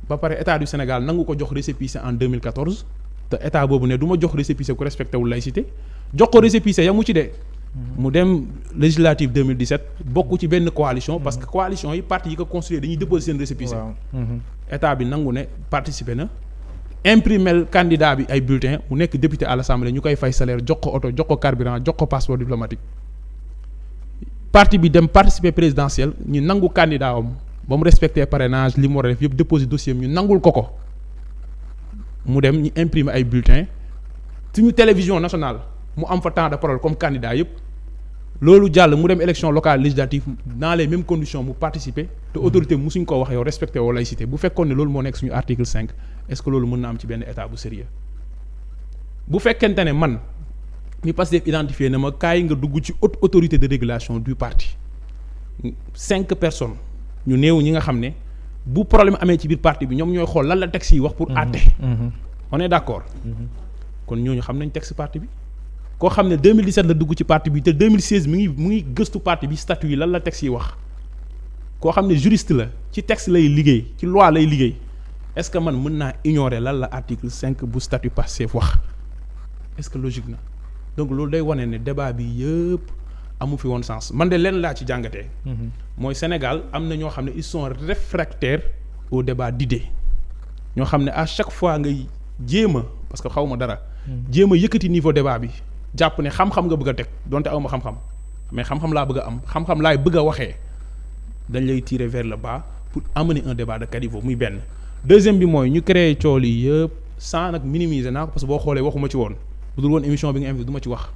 ba pare état du Sénégal nangu ko jox récépissé en 2014 te état boobu ne du ma jox récépissé ku respecté wul laïcité jox ko récépissé yamu ci de. mu dem législative 2017 bokk ci benn coalition. parce que coalition yi parti yi ko constitué dañuy déposé seen récépissé. Mm-hmm. état bi nangu ne participer na. imprimel candidat bi ay bulletin mu nekk député à l'assemblée ñu koy fay salaire jox ko oto jox ko carburant jox ko passeport diplomatique. parti bi dem participé présidentiel ñu nangu candidat ba mu respecté parrainage li mu war a def yëpp déposé dossier ñu nangul ko ko mu dem ñu imprimer ay bulletins suñu télévision nationale mu am fa temps de parole comme candidat yëpp loolu jàll mu dem élection locale législative dans les mêmes conditions mu participer te mhm. autorité mu suñ ko wax yow respecté woo laïcité bu fekkoon ne loolu moo nekk suñu article cinq est-ce que loolu mën na am ci benn état bu sérieux bu fekkente ne man mi Pastef identifier na ma kaay nga dugg ci haute autorité de régulation du parti cinq personnes ñu néew ñi nga xam ne bu problème amee ci biir parti bi ñoom ñooy xool lan la texte yi wax pour mhm. àtte mhm. on est d'accord mhm. kon ñooñu xam nañ texte parti bi koo xam ne 2017 la dugg ci parti bi te 2016 mi ngi mu ngi gëstu parti bi statut yi lan la texte yi wax koo xam ne juriste la ci texte lay liggéey ci loi lay liggéey est-ce que man mën naa ignorer lan la article 5 bu statut Pastef wax est-ce que logique na donc loolu day wane ne débat bi yëpp amu fi woon sens man de lenn laa ci jàngatee. Mhm. mooy Sénégal am na ñoo xam ne ils sont réfractaires au débat d'idées ñoo xam ne à chaque fois ngay jéem a parce que xaw ma dara. Mhm. jéem a yëkkati niveau débat bi jàpp ne xam-xam nga bëgg a teg donte aw ma xam-xam mais xam-xam laa bëgg a am xam-xam laay bëgg a waxee dañ lay tirer vers le bas pour amener un débat de caniveau muy benn. deuxième bi mooy ñu créé cool yi yëpp sans nag minimiser naa ko parce que boo xoolee waxuma bi nga invité du ma ci wax.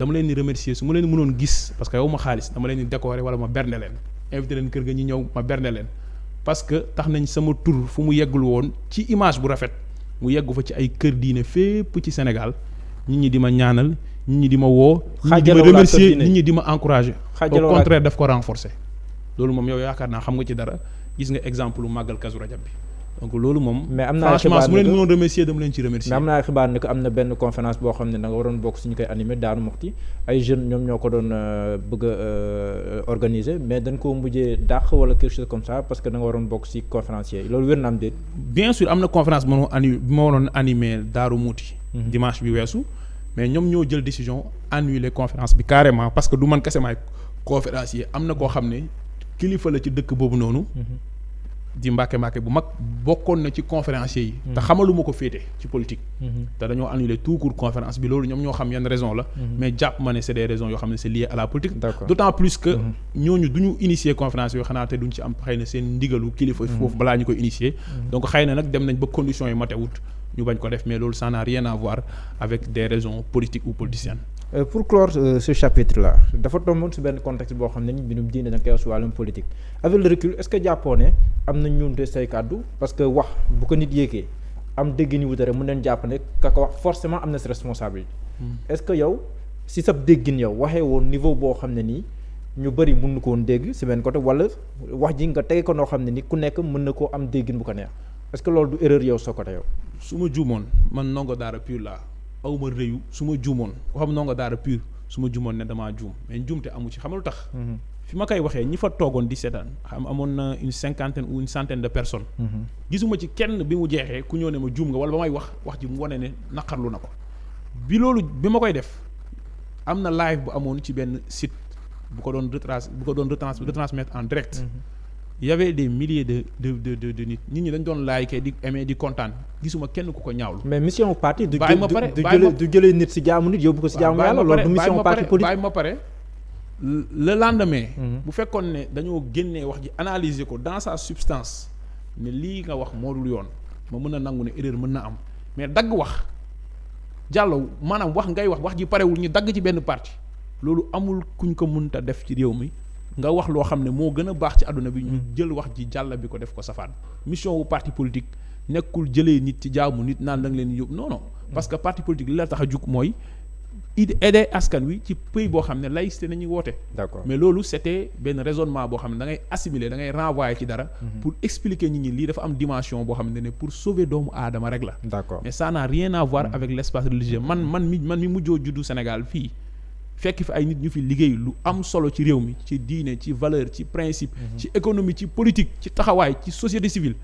dama leen di remercier su ma leen mënoon gis parce que yow ma xaalis dama leen di décorer wala ma berne leen invité kër ga ñu ñëw ma berne leen parce que tax nañ sama tur fu mu yeggul woon ci image bu rafet mu yeggu fa ci ay kër diine fépp ci Sénégal nit ñi di ma ñaanal nit ñi di ma woo nit ñi di ma remercier di ma encourager au contraire daf ko renforcer loolu moom yow yaakaar naa xam nga ci dara gis nga exemple lu màggal Kazu Rajab bi donc loolu moom. mais am naa xibaar franchement su ma leen mënoon na benn conférence boo xam ne da nga waroon bokk suñu koy animé Daaru Muxti ko doon euh, bëgg a euh, organiser mais dañ koo mujjee dàq wala quelque chose comme parce que da nga waroon bokk si conférencier loolu wér na am déet. bien sûr am na conférence bu ma animé bi ma waroon mhm. dimanche bi weesu. mais ñoom ñoo jël décision annuler conférence bi carrément parce que du man kese maay conférencier am na koo xam ne kilifa la ci dëkk boobu noonu. Mhm. di Mbàkke Mbàkke bu mag bokkoon na ci conférencier yi. Mm-hmm. te xamaluma ko féete ci politique. Mm-hmm. te dañoo annulé tout court conférence bi loolu ñoom ñoo xam yan raison la. Mm-hmm. mais jàpp ma ne c' des raisons yoo xam ne c' est lié la politique. d' plus que. ñooñu du ñu initier conférence yoo xanaa te duñ ci am xëy na seen ndigalu kilifa foofu balaa ñu koy initier. donc xëy na nag dem nañ ba conditions yi matewut ñu bañ ko def mais loolu ça n'a rien à voir Euh, pour clore euh, ce chapitre la dafa tomboon si benn contexte boo xam ne ni bi diine da nga koy wax si wàllum politique avec le recul est jàppoo ne am na ñuunte say kàddu parce que wax bu ko nit yéegee am déggin wu dara mu leen jàpp ne ka ko wax forcément am na si responsabilité hmm. est-ce que yow si sab déggin yow waxee woon niveau boo xam ne nii ñu bëri mën na ko woon dégg si benn côté wala wax ji nga tege ko noo xam ne ni ku nekk mën na koo am déggin bu ko neex est que loolu du erreur yow soo côté yow su ma juumoon man ndongo daara pur laa aw ma rëyu su ma juumoon waxam ndongo daara pur su ma juumoon ne damaa juum mais njuumte amu ci xam xamalu tax. Mhm. fi ma koy waxee ñi fa toogoon di seetaan xam amoon na une cinquantaine ou une centaine de personnes. Mhm. gisuma ci kenn bi mu jeexee ku ñëw ne ma juum nga wala ba may wax wax ji mu wane ne naqarlu na ko. bi loolu bi ma koy def am na live bu amoon ci benn site bu ko doon retrace bu ko doon retrans retransmettre en direct. Mhm. y avait des milliers de de de de de nit nit ñi dañ doon like di emee di kontaan gisuma kenn ku ko ñaawlu. mais mission parti du bàyyi ma pare du jëlee jëlee nit si jaamu nit yóbbu ko si jaamu yàlla loolu du mission parti politique bàyyi ma pare le lendemain. Mhm. bu fekkoon ne dañoo génnee wax ji analyser ko dans sa substance ne lii nga wax moo dul yoon ma mën a nangu ne erreur mën na am mais dagg wax jàllo maanaam wax ngay wax wax ji parewul ñu dagg ci benn parti loolu amul kuñ ko mënta def ci réew mi. nga wax loo xam ne moo gën a baax ci àdduna bi. ñu mm. jël wax ji jàll bi ko def ko safaan. mission wu parti politique nekkul jëlee nit ci jaamu nit naan da leen yóbbu non non. Mm. que parti politique li la tax a jug mooy. id aider askan wi ci pays boo xam ne laïcité nañuy woote. d'accord mais loolu c'était benn raisonnement boo xam ne da ngay assimiler da ngay ci dara. Mm-hmm. pour expliquer nit ñi lii dafa am dimension boo xam ne ne pour sauver doomu aadama rek la. d'accord mais ça n'a rien à voir mm. avec l'espace religieux man man mi man mi mujjoo juddu Sénégal fii. fekk fi ay nit ñu fi liggéey lu am solo ci réew mi ci diine ci valeur ci principe. Mhm. ci économie ci politique ci taxawaay ci société civile.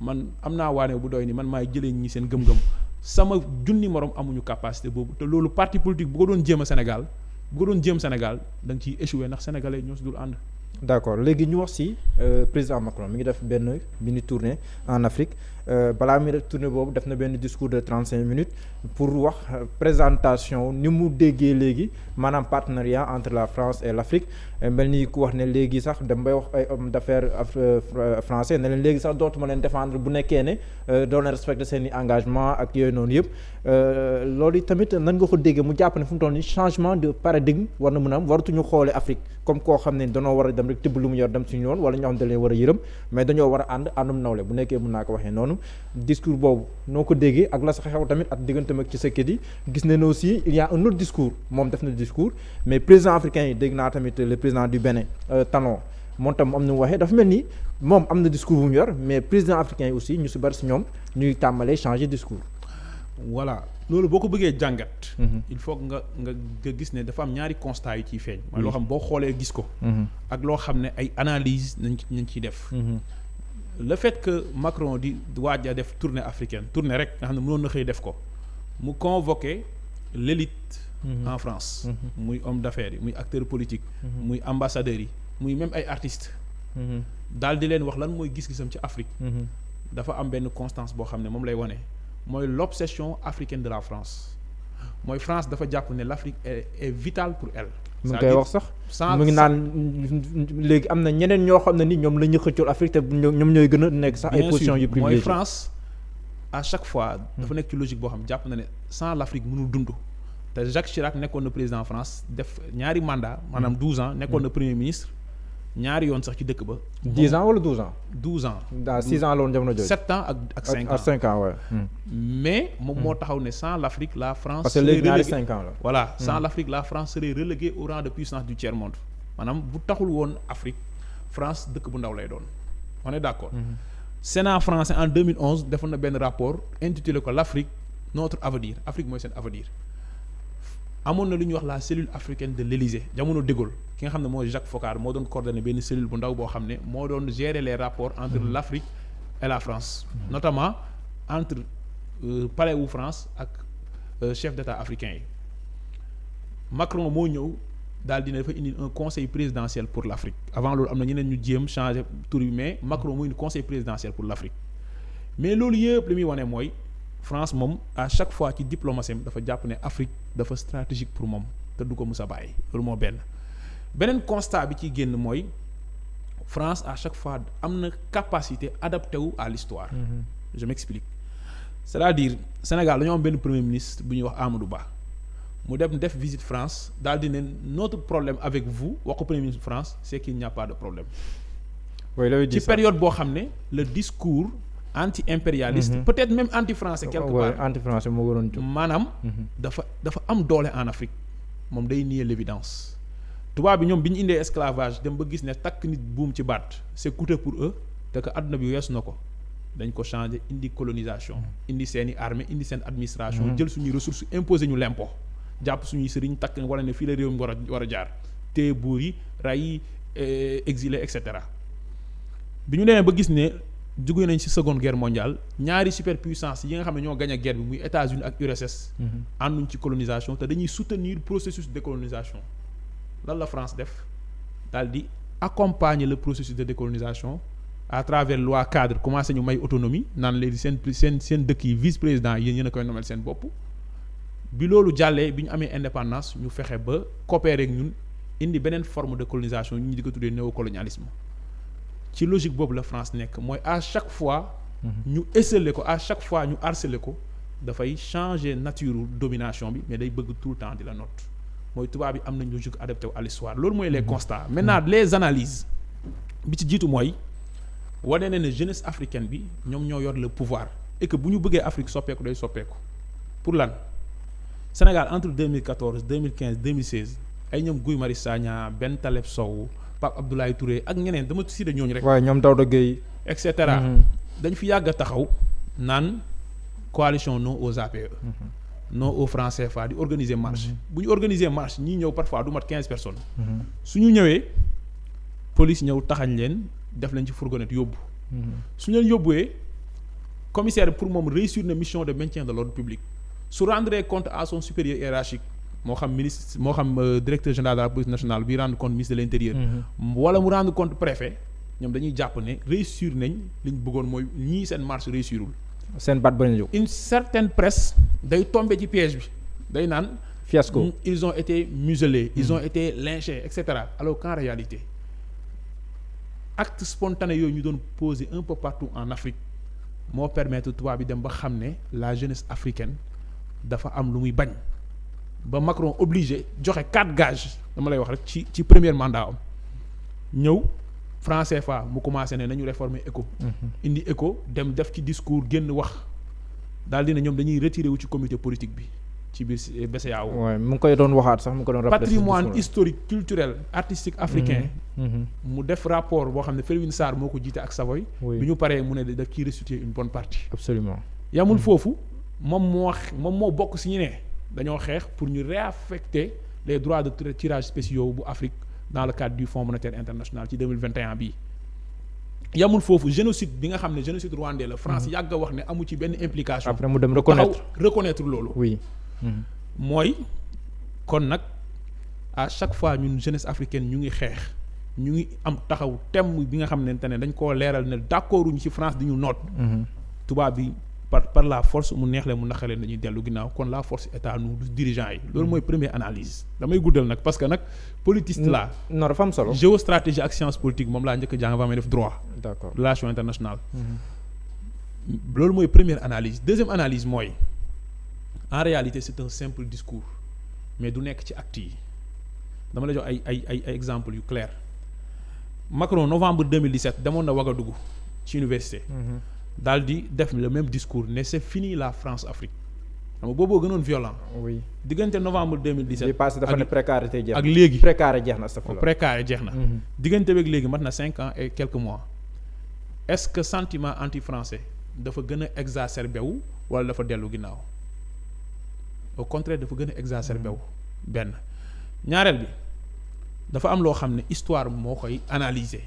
man am naa waane bu doy ni man maay jëlee ñi seen gëm-gëm sama junni morom amuñu capacité boobu te loolu parti politique bu ko doon jéema a Sénégal bu ko doon jéem Sénégal da nga ciy échoué ndax sénégalais ñoo si dul ànd. d' accord léegi ñu wax si euh, président Macron mi ngi def benn mini tournée en Afrique. Euh, balaa muy tournée boobu def na benn discours de trente cinq minutes pour wax présentation ni mu déggee léegi maanaam partenariat entre la France et l' Afrique euh, mel ni ku wax ne léegi sax dem bay wax ay hommes d' affaires euh, français ne leen léegi sax dootuma leen défendre bu nekkee ne doo leen respecté seen i engagement ak yooyu noonu yëpp loolu tamit nan nga ko déggee mu jàpp ne fu mu toll ni changement de paradigme war na mën a am waratuñu xoole Afrique comme koo xam a dem rek tibb lu mu yor dem suñu yoon wala ñoo war a yërëm mais dañoo a ànd àndum nawle bu nekkee mën naa ko waxee noonu discours boobu noo ko déggee ak la sa xew tamit ak digganteem ak Tshisekedi yi gis nañ aussi il y a discours moom def na discours mais président africain yi dégg naa tamit le président du Bénin euh, Talon moom tam am na mu waxee dafa mel ni moom am na discours bu mu yor mais président africain yi aussi ñu si bari si ñoom ñuy tàmbalee changer discours. voilà loolu boo ko bëggee jàngat. Mhm. il faut nga nga nga gis ne dafa am ñaari constat yu ciy feeñ. mooy loo xam boo xoolee gis ko. Mhm. ak loo xam ne ay analyse nañ ci def. Mhm. le fait que Macron di waaj a def tournée africaine tournée rek nga xam ne mënoon na xëy def ko mu convoqué l'élite mhm. en France mhm. muy homme d'affaires yi muy acteur politique mhm. muy ambassadeurs yi muy même ay artiste daal di leen wax lan mooy gis-gisam ci Afrique dafa am benn constance boo xam ne moom lay wane mooy l'obsession africaine de la France mooy France dafa jàpp ne l'Afrique est est vitale pour elle mu ngi koy wax sax mu ngi naan léegi am na ñeneen ñoo xam ne ni ñoom la ñu xëccool Afrique te ñoom ñooy gën a nekk sax ay positions yu mooy France à chaque fois hmm. dafa nekk ci logique boo xam jàpp na ne sans l'Afrique mënul dundu te Jacques Chirac nekkoon na président France def ñaari mandat maanaam hmm. douze ans nekkoon hmm. na premier ministre ñaari yoon sax ci dëkk ba. dix ans wala douze ans. douze ans daa six ans la woon jamono jooju. ans ak ak cinq ans hmm. mais moo hmm. moo taxaw ne sans l' Afrique la France. parce que léegi ñaari cinq ans la. voilà hmm. sans l' Afrique la France serait reléguée au rang de puissance du tiers monde bu taxul woon Afrique France dëkk bu ndaw lay doon on est d' accord. Sénat français en 2011 defoon na benn rapport intitulé ko l' Afrique notre avenir Afrique mooy seen avenir. amoon na lu ñuy wax la cellule africaine de l'Élysée jamono de Gaulle ki nga xam ne mooy Jacques Foccart moo doon coordonné benn cellule bu ndaw boo xam ne moo doon gérer les rapports entre mm-hmm. l' Afrique et la France mm-hmm. notamment entre euh, palais France ak euh, chef d' état africain yi Macron moo ñëw daal dina dafa indi un conseil présidentiel pour l' Afrique avant loolu am na ñeneen ñu jéem changer tur bi mais Macron mu indi conseil présidentiel pour l' mais loolu yëpp li muy wane mooy France moom à chaque fois ci diplomatie am dafa jàpp ne Afrique dafa stratégique pour moom te du ko mus a bàyyi loolu moo benn beneen constat bi ci génn mooy France à chaque fois am na capacité adapté wu à l'histoire mm -hmm. je m'explique c'est-à-dire Sénégal dañoo benn premier ministre bu ñu wax Amadou Ba mu dem def visite France daal di ne notre problème avec vous wax ko premier ministre France c'est qu'il n'y a pas de problème. ci période boo xam ne le discours. anti impérialiste. Mm -hmm. peut-être même anti français quelque mhm. dafa dafa am doole en Afrique moom day nier l'évidence tubaab bi ñoom bi ñu indee esclavage dem ba gis ne takk nit buum ci baat c'est coûteux pour eux te que adduna bi weesu na ko dañ ko changer indi colonisation. Mhm. indi seen i armée indi seen administration. Mhm. jël suñuy ressources imposé ñu l'impôt jàpp suñuy sëriñ takk wala ne fii la réew mi war a jaar téye buur yi ray yi euh, exilé et cetera bi ñu demee ba gis ne. jugee nañ ci seconde guerre mondiale ñaari superpuissance yi nga xam ne ñoo gañ a guerre bi muy États-Unis ak URSS. Mhm. ànduñ ci colonisation te dañuy soutenir processus de colonisation lan la France def daal di accompagner le processus de décolonisation à travers loi cadre commencé ñu may autonomie naan léegi seen seen seen dëkk yi vice président yi yéen a koy nomel seen bopp. bi loolu jàllee bi ñu amee indépendance ñu fexe ba coopérer ak ñun indi beneen forme de colonisation ñu di ko tuddee néocolonialisme. ci logique boobu la France nekk mooy à chaque fois. Mhm. ñu esseler ko à chaque fois ñu harceler ko dafay changer nature domination bi mais day bëgg tout le temps di la note mooy tubaab bi am nañ logique adapté wu à loolu mooy les mhm. constats. maintenant mhm. les analyses bi ci jiitu mooy wane ne ne jeunesse africain bi ñoom ñoo yor le pouvoir et bu ñu bëggee Afrique soppeeku day soppeeku pour lan Sénégal entre 2014 2015 2016 ay ñoom Guy Marius Sagna benn Taleb Sow. Pape Abdoulaye Touré ak ñeneen dama si de ñooñu rek. waaye ñoom Daouda Gueye. et cetera mm-hmm. dañ fi yàgg a taxaw naan coalition non au APE. Mm-hmm. non au franc CFA di organiser marche. Mm-hmm. bu ñu organiser marche ñi ñëw parfois du mat quinze personnes. su ñu ñëwee police ñëw taxañ leen def leen ci fourgonnette yóbbu. su ñu leen yóbbuwee commissaire pour moom réussir na mission de maintien de l'ordre public. su rendre compte à son supérieur hiérarchique. moo xam ministre moo xam euh, directeur général de la police nationale bi rendre compte ministre de l' intérieur. Mm-hmm. wala mu rendre compte préfet ñoom dañuy jàpp ne réussir nañ li ñu bëggoon mooy ñii seen marche réussirul. seen baat ba ñu jóg. une certaine presse day tombé ci piège bi day naan. fiasco ils ont été muselés. ils ont mm-hmm. été lynchés et cetera alors qu'en réalité acte spontané yooyu ñu doon posé un peu partout en Afrique moo permettre tubaab bi dem ba xam ne la jeunes africaine dafa am lu muy bañ. ba Macron obligé joxe quatre gages dama lay wax rek ci ci première mandat am ñëw franc CFA mu commencé ne nañu réformer ECO. Mhm. indi ECO dem def ci discours génn wax daal di ne ñoom dañuy retiré wu ci comité politique bi ci biir BCEAO. waaw mu ngi koy doon waxaat sax mu ngi ko doon rappelé. patrimoine historique culturel artistique mhm. africain. Mhm. mu def rapport boo xam ne Felwine Sarr moo ko jiite ak Savoy. bi ñu paree mu ne di def ci restituer une bonne partie. absolument yamul foofu moom moo moom moo bokk si ñu ne. dañoo xeex pour ñu réaffecter les droits de tirage spéciaux bu Afrique dans le cadre du Fonds monétaire international ci 2021 bii yamul foofu génocide bi nga xam ne génocide rwandais la France mhm. yàgg a wax ne amu ci benn implication. après mu dem reconnaître reconnaître loolu. oui. Mhm. mooy kon nag à chaque fois ñun jeunesse africaine ñu ngi xeex ñu ngi am taxaw thème bi nga xamante ne dañ koo leeral ne d'accorduñu ci France di ñu noot. Mhm. tubaab bi. par par la force mu neex leen mu naqaree dañuy dellu ginnaaw kon la force état nous dirigeants yi. loolu mooy première analyse. damay guddal nag parce que nag. politiste la non dafa am solo. géostratégie ak science politique moom laa njëkk a jàng may def droit. relation internationale. Mhm. loolu mooy premier analyse deuxième analyse mooy en réalité c'est un simple discours mais du nekk ci acte yi dama la jox ay ay ay ay exemples yu clair Macron novembre 2017 demoon na Ouagadougou ci université. Mm daal di def le même discours ne c'est fini la France Afrique xam nga booboo gënoon violent. oui diggante novembre 2017. bi passé dafa ne précarité jeex na ak léegi. précaré jeex na astafurlah précaré jeex na. Mhm. diggante beeg léegi mat na cinq ans et quelques mois est-ce que sentiment anti-français dafa gën a exacerbé wu wala dafa dellu ginnaaw au contraire dafa gën a exacerbé wu mhm. benn ñaareel bi dafa am loo xam ne histoire moo koy analyser.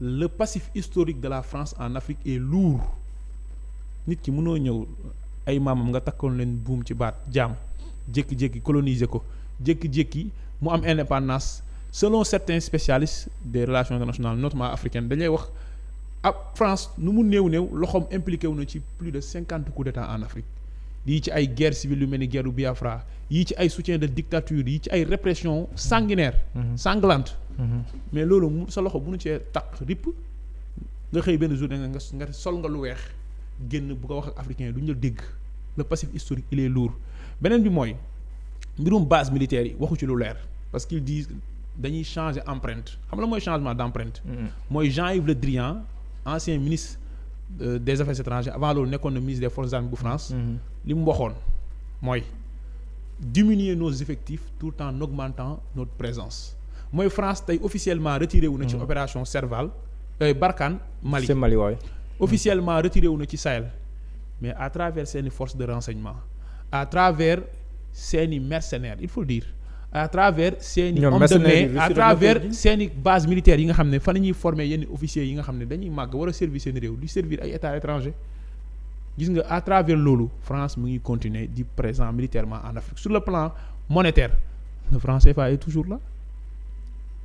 le passif historique de la France en Afrique est lourd nit ki mënoo ñëw ay maamam nga takkoon leen buum ci baat jaam jékki-jékki coloniser ko jékki-jékki mu am indépendance selon certains spécialistes des relations internationales notamment africain dañuy wax ab ah, France nu mu néew néew loxoom impliqué wu na ci plus de cinquante coups d'état en Afrique yii ci ay guerre civile yu mel ni guerre bu Biafra yii ci ay soutien de dictature yii ci ay répression sanguinaire mhm. mais loolu mu sa loxo munu cee taq ripp nga xëy benn jour nga nga sol nga lu weex génn bu ko wax ak africain du ñu la dégg le passif historique il est lourd beneen bi mooy mbirum base militaire yi waxu ci lu leer parce qu'ils disent dañuy changer empreinte xam la mooy changement d'empreinte. Mm-hmm. mooy Jean-Yves Le Drian ancien ministre euh, des affaires étrangères avant loolu nekkoon na ministre des forces armées bu France. Mm-hmm. li mu waxoon mooy diminuer nos effectifs tout en augmentant notre présence. mooy France tey officiellement retiré wu na ci hmm. opération Serval euh, Barkhane Mali Mali waay officiellement retiré wu na ci Sahel mais à travers seeni force de renseignement à travers seeni mercenaires il faut le dire à travers seeni hommes de main à travers seeni base militaire yi nga xam ne fan la ñuy former yenn officiers yi nga xam ne dañuy màgg war a servir seen réew di servir ay états étrangers gis nga à travers loolu France mu ngi continuer di présent militairement en Afrique sur le plan monétaire le franc toujours là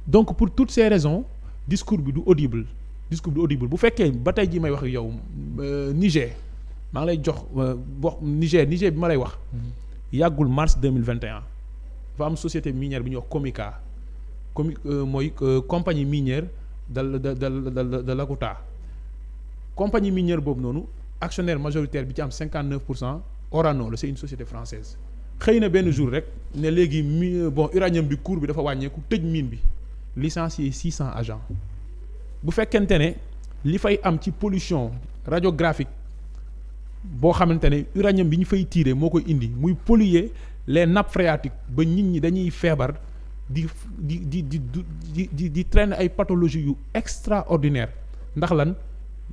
donc pour toutes ces raisons discours bi du audible discours bi du audible bu fekkee ba tey jii may wax yow euh, Niger maa ngi lay jox euh, wax Niger Niger bi ma lay wax mhm. yàggul mars deux mille vingt et dafa am société minière bi ñu wax Comica comi euh, mooy compagnie minière dal da dal da Lakota compagnie minière boobu noonu actionnaire majoritaire bi ci am cinquante pour cent Orano la c'est une société française xëy na benn mhm. jour rek ne léegi mi bon uranium bi cours bi dafa wàññeeku tëj mine bi licencier six cent agents bu fekkente ne li fay am ci pollution radiographique boo xamante ne uranium bi ñu fay tiire moo koy indi muy polluer les nappes phréatiques ba nit ñi dañuy feebar di di di di di di di traîner ay pathologies yu extraordinaire ndax lan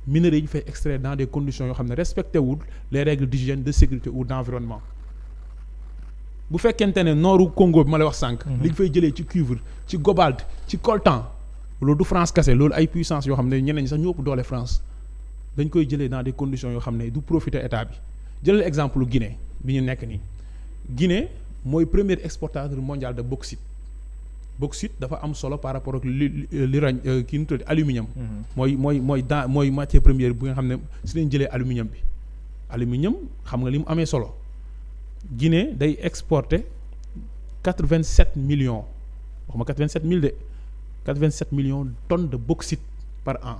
minerais yi ñu fay extraire dans des conditions yoo xam ne respecté wul les règles d'hygiène de sécurité ou d'environnement bu fekkente ne nooru Congo bi ma lay wax sànq. li mhm. ñu fay jëlee ci cuivre ci cobalt ci coltan loolu du France kese loolu ay puissance yoo xam ne ñeneen ñi sax ñoo ëpp doole France dañ koy jëlee dans des condition yoo xam ne du profiter état bi jëlal exemple Guinée bi ñu nekk nii Guinée mooy première exportateur mondial de bauxite bauxite dafa am solo par rapport ak li lirañ euh, euh, kii nu tudd aluminium. Mhm. mooy mooy mooy dans mooy matière première bi nga xam ne si lañ jëlee aluminium bi aluminium xam nga li mu amee solo. Guinée day exporter quatre vingt sept millions waxuma quatre vingt sept mille de quatre vingt sept millions tonnes de bauxite par an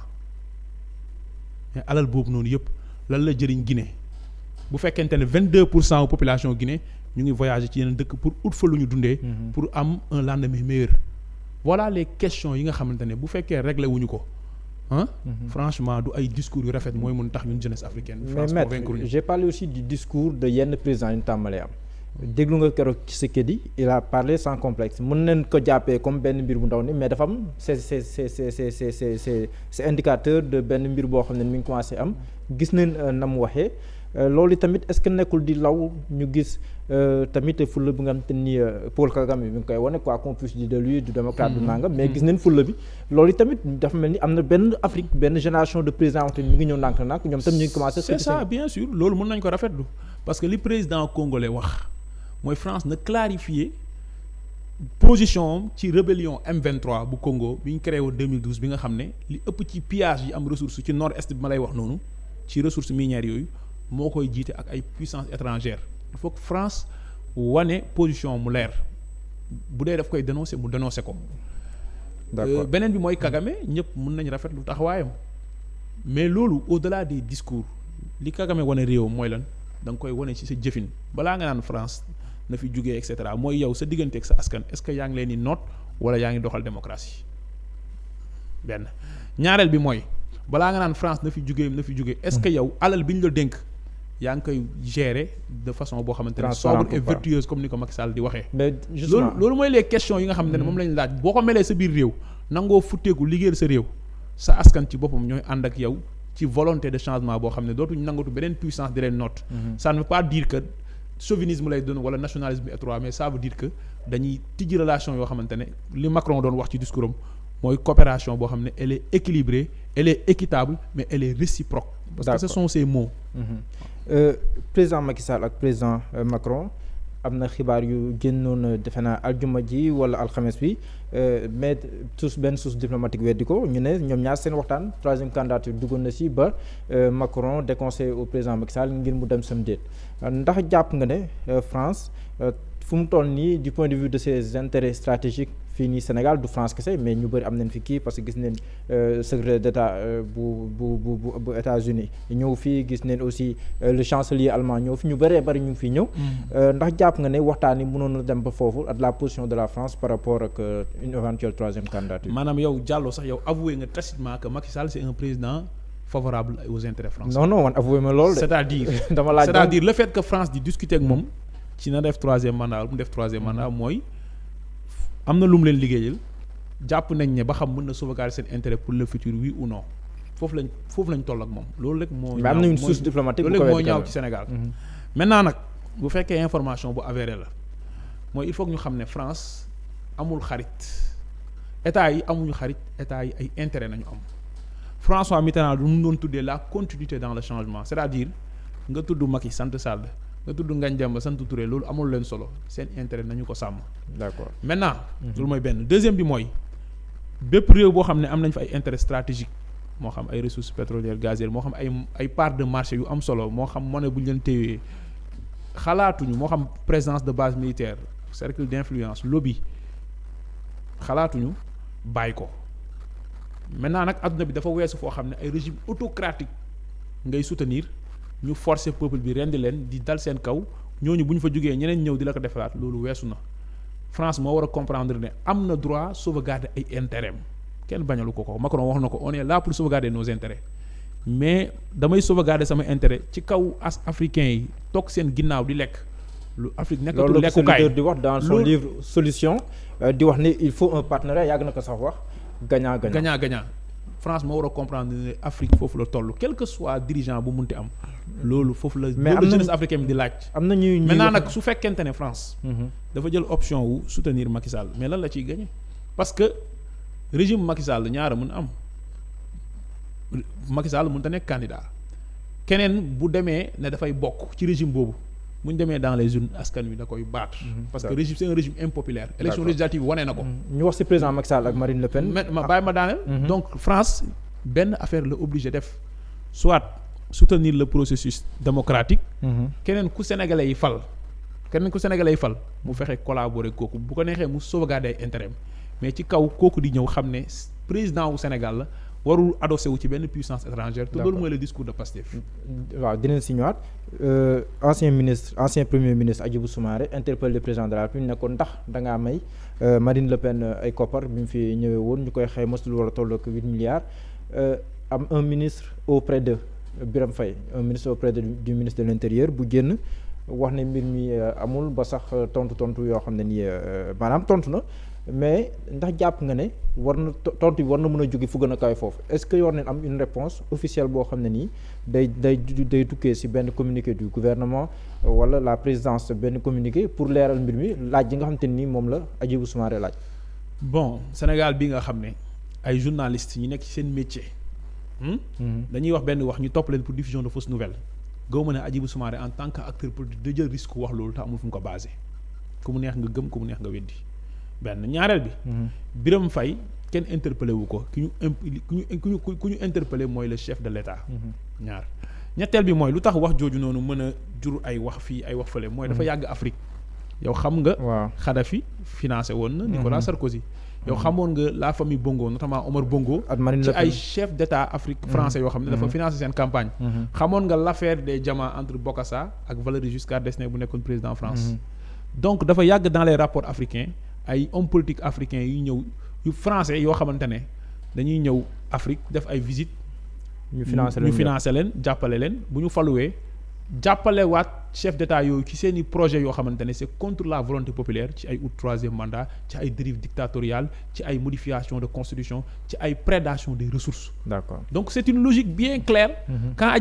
mais alal boobu noonu yëpp lan la jëriñ Guinée bu fekkente ne vingt deux pour cent population Guinée ñu ngi voyager ci yeneen dëkk pour out fa lu ñu dundee. Mhm. pour am un lendemain meilleur. voilà les questions yi nga xamante ne bu fekkee réglé wuñu ko. ah franchement du ay discours yu rafet mooy mun tax ñun jeunesse africaine France mais maître j'ai parlé aussi du discours de yenn président yu tàmbalee am déglu nga keroog Tshisekedi il a parlé sans complexe mën nañ ko jàppee comme benn mbir bu ndaw ni mais dafa am c'est c'est c'est c'est c'est c'est indicateur de benn mbir boo xam ne mi ngi commencé am gis nañ euh, na mu waxee Euh, loolu tamit est-ce que nekkul di law ñu gis euh, tamit fulla bi nga xam ni euh, Paul Kagame bi mi koy wane quoi qu'on puisse dire de lui du démocrate du mm-hmm. nangam mais mm-hmm. gis nañ fulla bi loolu tamit dafa mel ni am na benn Afrique benn génération de président waxte ngi ñëw ndànk ndànk ñoom tam ñu ngi commencé c'est ça bien sûr loolu mën nañ ko rafetlu parce que li président wax mooy France na clarifier position ci rébellion M23 bu Congo bi ñu créé woon 2012 bi nga xam ne li ëpp ci pillage yi am ressource ci nord-est bi ma lay wax noonu ci ressource minière yooyu moo koy jiite ak ay puissance étrangère il faut que France wane position mu leer bu dee daf koy dénoncer mu dénoncer ko. d'accord euh, beneen bi mooy Kagame ñëpp mën nañ rafet lu taxawaayam mais loolu au-delà des discours li Kagame wane réew mooy lan da nga koy wane ci sa jëfin balaa nga naan France na fi jugee et cetera mooy yow sa diggante ak sa askan est-ce que yaa ngi leen di noot wala yaa ngi doxal démocratie benn ñaareel bi mooy balaa nga naan France na fi jugee na fi jugee. est-ce que yow alal bi ñu la dénk. yaa ngi koy gérer de façon boo xamante ne sobre et vertueuse comme ni ko Macky Sall di waxee loolu loolu mooy les questions yi nga xamante ne moom mm-hmm. lañ laaj boo ko melee sa biir réew nangoo futteeku liggéeyal sa réew sa askan ci boppam ñooy ànd ak yow ci volonté de changement boo xam ne dootuñ nangatu beneen puissance di leen noot mm-hmm. ça ne veut pas dire que chauvinisme lay doon wala nationalisme étroit mais ça veut dire que dañuy tijji relation yoo xamante ne li Macron doon wax ci discours am mooy coopération boo xam ne elle est équilibrée elle est équitable mais elle est réciproque parce Euh, président Macky ak président euh, Macron am na xibaar yu génnoon euh, defe naa aljuma ji wala alxames bi mais source benn source diplomatique weddi ko ñu ne ñoom ñaar seen waxtaan troisième candidature duggoon na si ba Macron conseil au président Macky ngir mu dem sam déet ndax jàpp nga ne France fu mu toll nii du point de vue de ses intérêts stratégiques fii nii Sénégal du France kese mais ñu bëri am nañ fi kii parce que gis neen euh, secrétaire d'état euh, bu bu bu États-Unis ñëw fii gis neen aussi euh, le chancelier allemand ñëw fi ñu bëree bëri ñu ngi fii ñëw. Mm. ndax jàpp nga ne waxtaan yi dem ba foofu ak la position de la France par rapport ak une éventuelle troisième candidature. maanaam yow Diallo sax yow avoué nga tacitement que Macky Sall c'est un président. favorable aux intérêts français. non man avoué ma loolu de. c'est-à-dire dama am na lu mu leen liggéeyal jàpp nañ ne ba xam mën na sauvegarder seen intérêt pour le futur oui ou non foofu lañ foofu lañ toll ak moom loolu rek moo. mais am na une source diplomatique loolu rek moo ñaaw ci Sénégal. Mhm. maintenant nag bu fekkee information bu avéré la mooy il faut ñu xam ne France amul xarit état yi amuñu xarit état yi ay intérêt nañu am François Mitterrand lu mu doon tuddee la continuité dans le changement c'est-à-dire nga tudd yi sant Sall. nga tudd Ngagne Demba sant Touré loolu amul leen solo seen intérêt nañu ko sàmm. d'accord maintenant. Mhm. loolu mooy benn deuxième bi mooy bépp réew boo xam ne am nañ fa ay intérêt stratégique moo xam ay ressources pétrolières gazières moo xam ay ay part de marché yu am solo moo xam monnaie bu ñu leen téyee xalaatuñu moo xam présence de base militaire cercle d'influence lobby xalaatuñu bàyyi ko maintenant nag adduna bi dafa weesu foo xam ne ay régime autocratique ngay soutenir. ñu forcer peuple bi rendi leen di dal seen kaw ñooñu bu ñu fa jógee ñeneen ñëw di la ko defaraat loolu weesu na France moo war a comprendre ne am na droit sauvegarder ay intérêt kenn bañalu ko ko Macron wax na ko on est là pour sauvegarder nos intérêts mais damay sauvegarder sama intérêt ci kaw as africain yi toog seen ginnaaw di lekk lu Afrique nekkatul lekkukaay di wax dans son livre solution euh, di wax ne il faut un partenariat yàgg na ko sax wax gagnant gagnant gagnant France moo war a comprendre ne foofu la toll quel que soit bu munti am loolu foofu la. mais am na jeunesse africaine di laaj. am na ñuy maintenant nag su fekkente ne France. Mhm. dafa jël option wu soutenir Macky mais lan la ci gagné parce que régime Macky Sall ñaara mun am Macky Sall mënut a nekk candidat keneen bu demee ne dafay bokk ci régime boobu. bu ñu demee dans les urnes askan wi da koy baat. Mhm. parce que régime c' est un régime impopulaire. élection législative wane na ko. Mhm. ñu wax ci président Macky ak Marine Le Pen. mais ma bàyyi ma daaneel. donc France benn affaire la obligé def soit soutenir le processus démocratique. Mhm. keneen ku sénégalais yi fal. keneen ku sénégalais yi fal mu fexe collaborer kooku bu ko neexee mu sauvegarder ay intérêt mais ci kaw kooku di ñëw xam ne président u Sénégal la warul adossé wu ci benn puissance étrangère. te loolu mooy le discours de Pastef. Mm, waaw dinañ si ñëwaat euh, ancien ministre ancien premier ministre Hadjibou Soumaré interpellé le président de la République ne ko ndax da ngaa may euh, Marine Le Pen euh, ay koppar bi mu fi ñëwee ñu koy xayma lu war a toll ak huit milliards am un ministre auprès de. biram fay ministre auprès du ministre de l'intérieur bu génn wax ne mbir mi euh, amul ba sax euh, tontu tontu yoo xam ne nii euh, maanaam tontu na mais ndax jàpp nga ne war na tontu bi war na mën a jóge fu gën foofu est-ce que yoon neen am une réponse officielle boo xam ne nii day day day tukkee ci benn communiqué du gouvernement walla la présidence benn communiqué pour leeral mbir mi laaj ji nga xam ne nii moom la Hadjibou Soumaré laaj. bon Sénégal bi nga xam ne ay journalistes ñi nekk ci seen métier. Hmm? Hmm. dañuy wax benn wax ñu topp leen pour diffusion de fausses nouvelles goo mën a Hadjibou Soumaré en tant que acteur politique da jël risque wax loolu te amul fu mu ko basé ku mu neex nga gëm ku mu neex nga weddi benn ñaareel bi. Hmm. Birame Faye kenn interpellé wu ko ku ñu imp ku ñu ku ñu interpellé mooy le chef de l' état. ñaar ñetteel bi mooy lu tax wax jooju noonu mën a jur ay wax fii ay wax fële mooy dafa yàgg Afrique. yow xam nga. waaw Kadhafi financé woon na. Nicolas Sarkozy. yow mhm. xamoon nga la famille Bongo notamment Omar Bongo ci ay chef d'état Afrique mhm. français yoo xam ne dafa mhm. financé seen campagne xamoon nga l'affaire des diamants entre Bokassa ak Valéry Giscard d'Estaing bu nekkoon président France donc dafa yàgg dans les rapports africains ay hommes politiques africains yu ñëw yu français yoo xamante ne dañuy ñëw Afrique def ay visites ñu finance leen jàppale leen bu ñu faluwee jàppalewaat chef d'état yooyu ci seen projet yoo xamante ne c'est contre la volonté populaire ci ay août troisième mandat ci ay dérive dictatoriale ci ay modification de constitution ci ay prédation des ressources donc c'est une logique bien claire mm -hmm. quand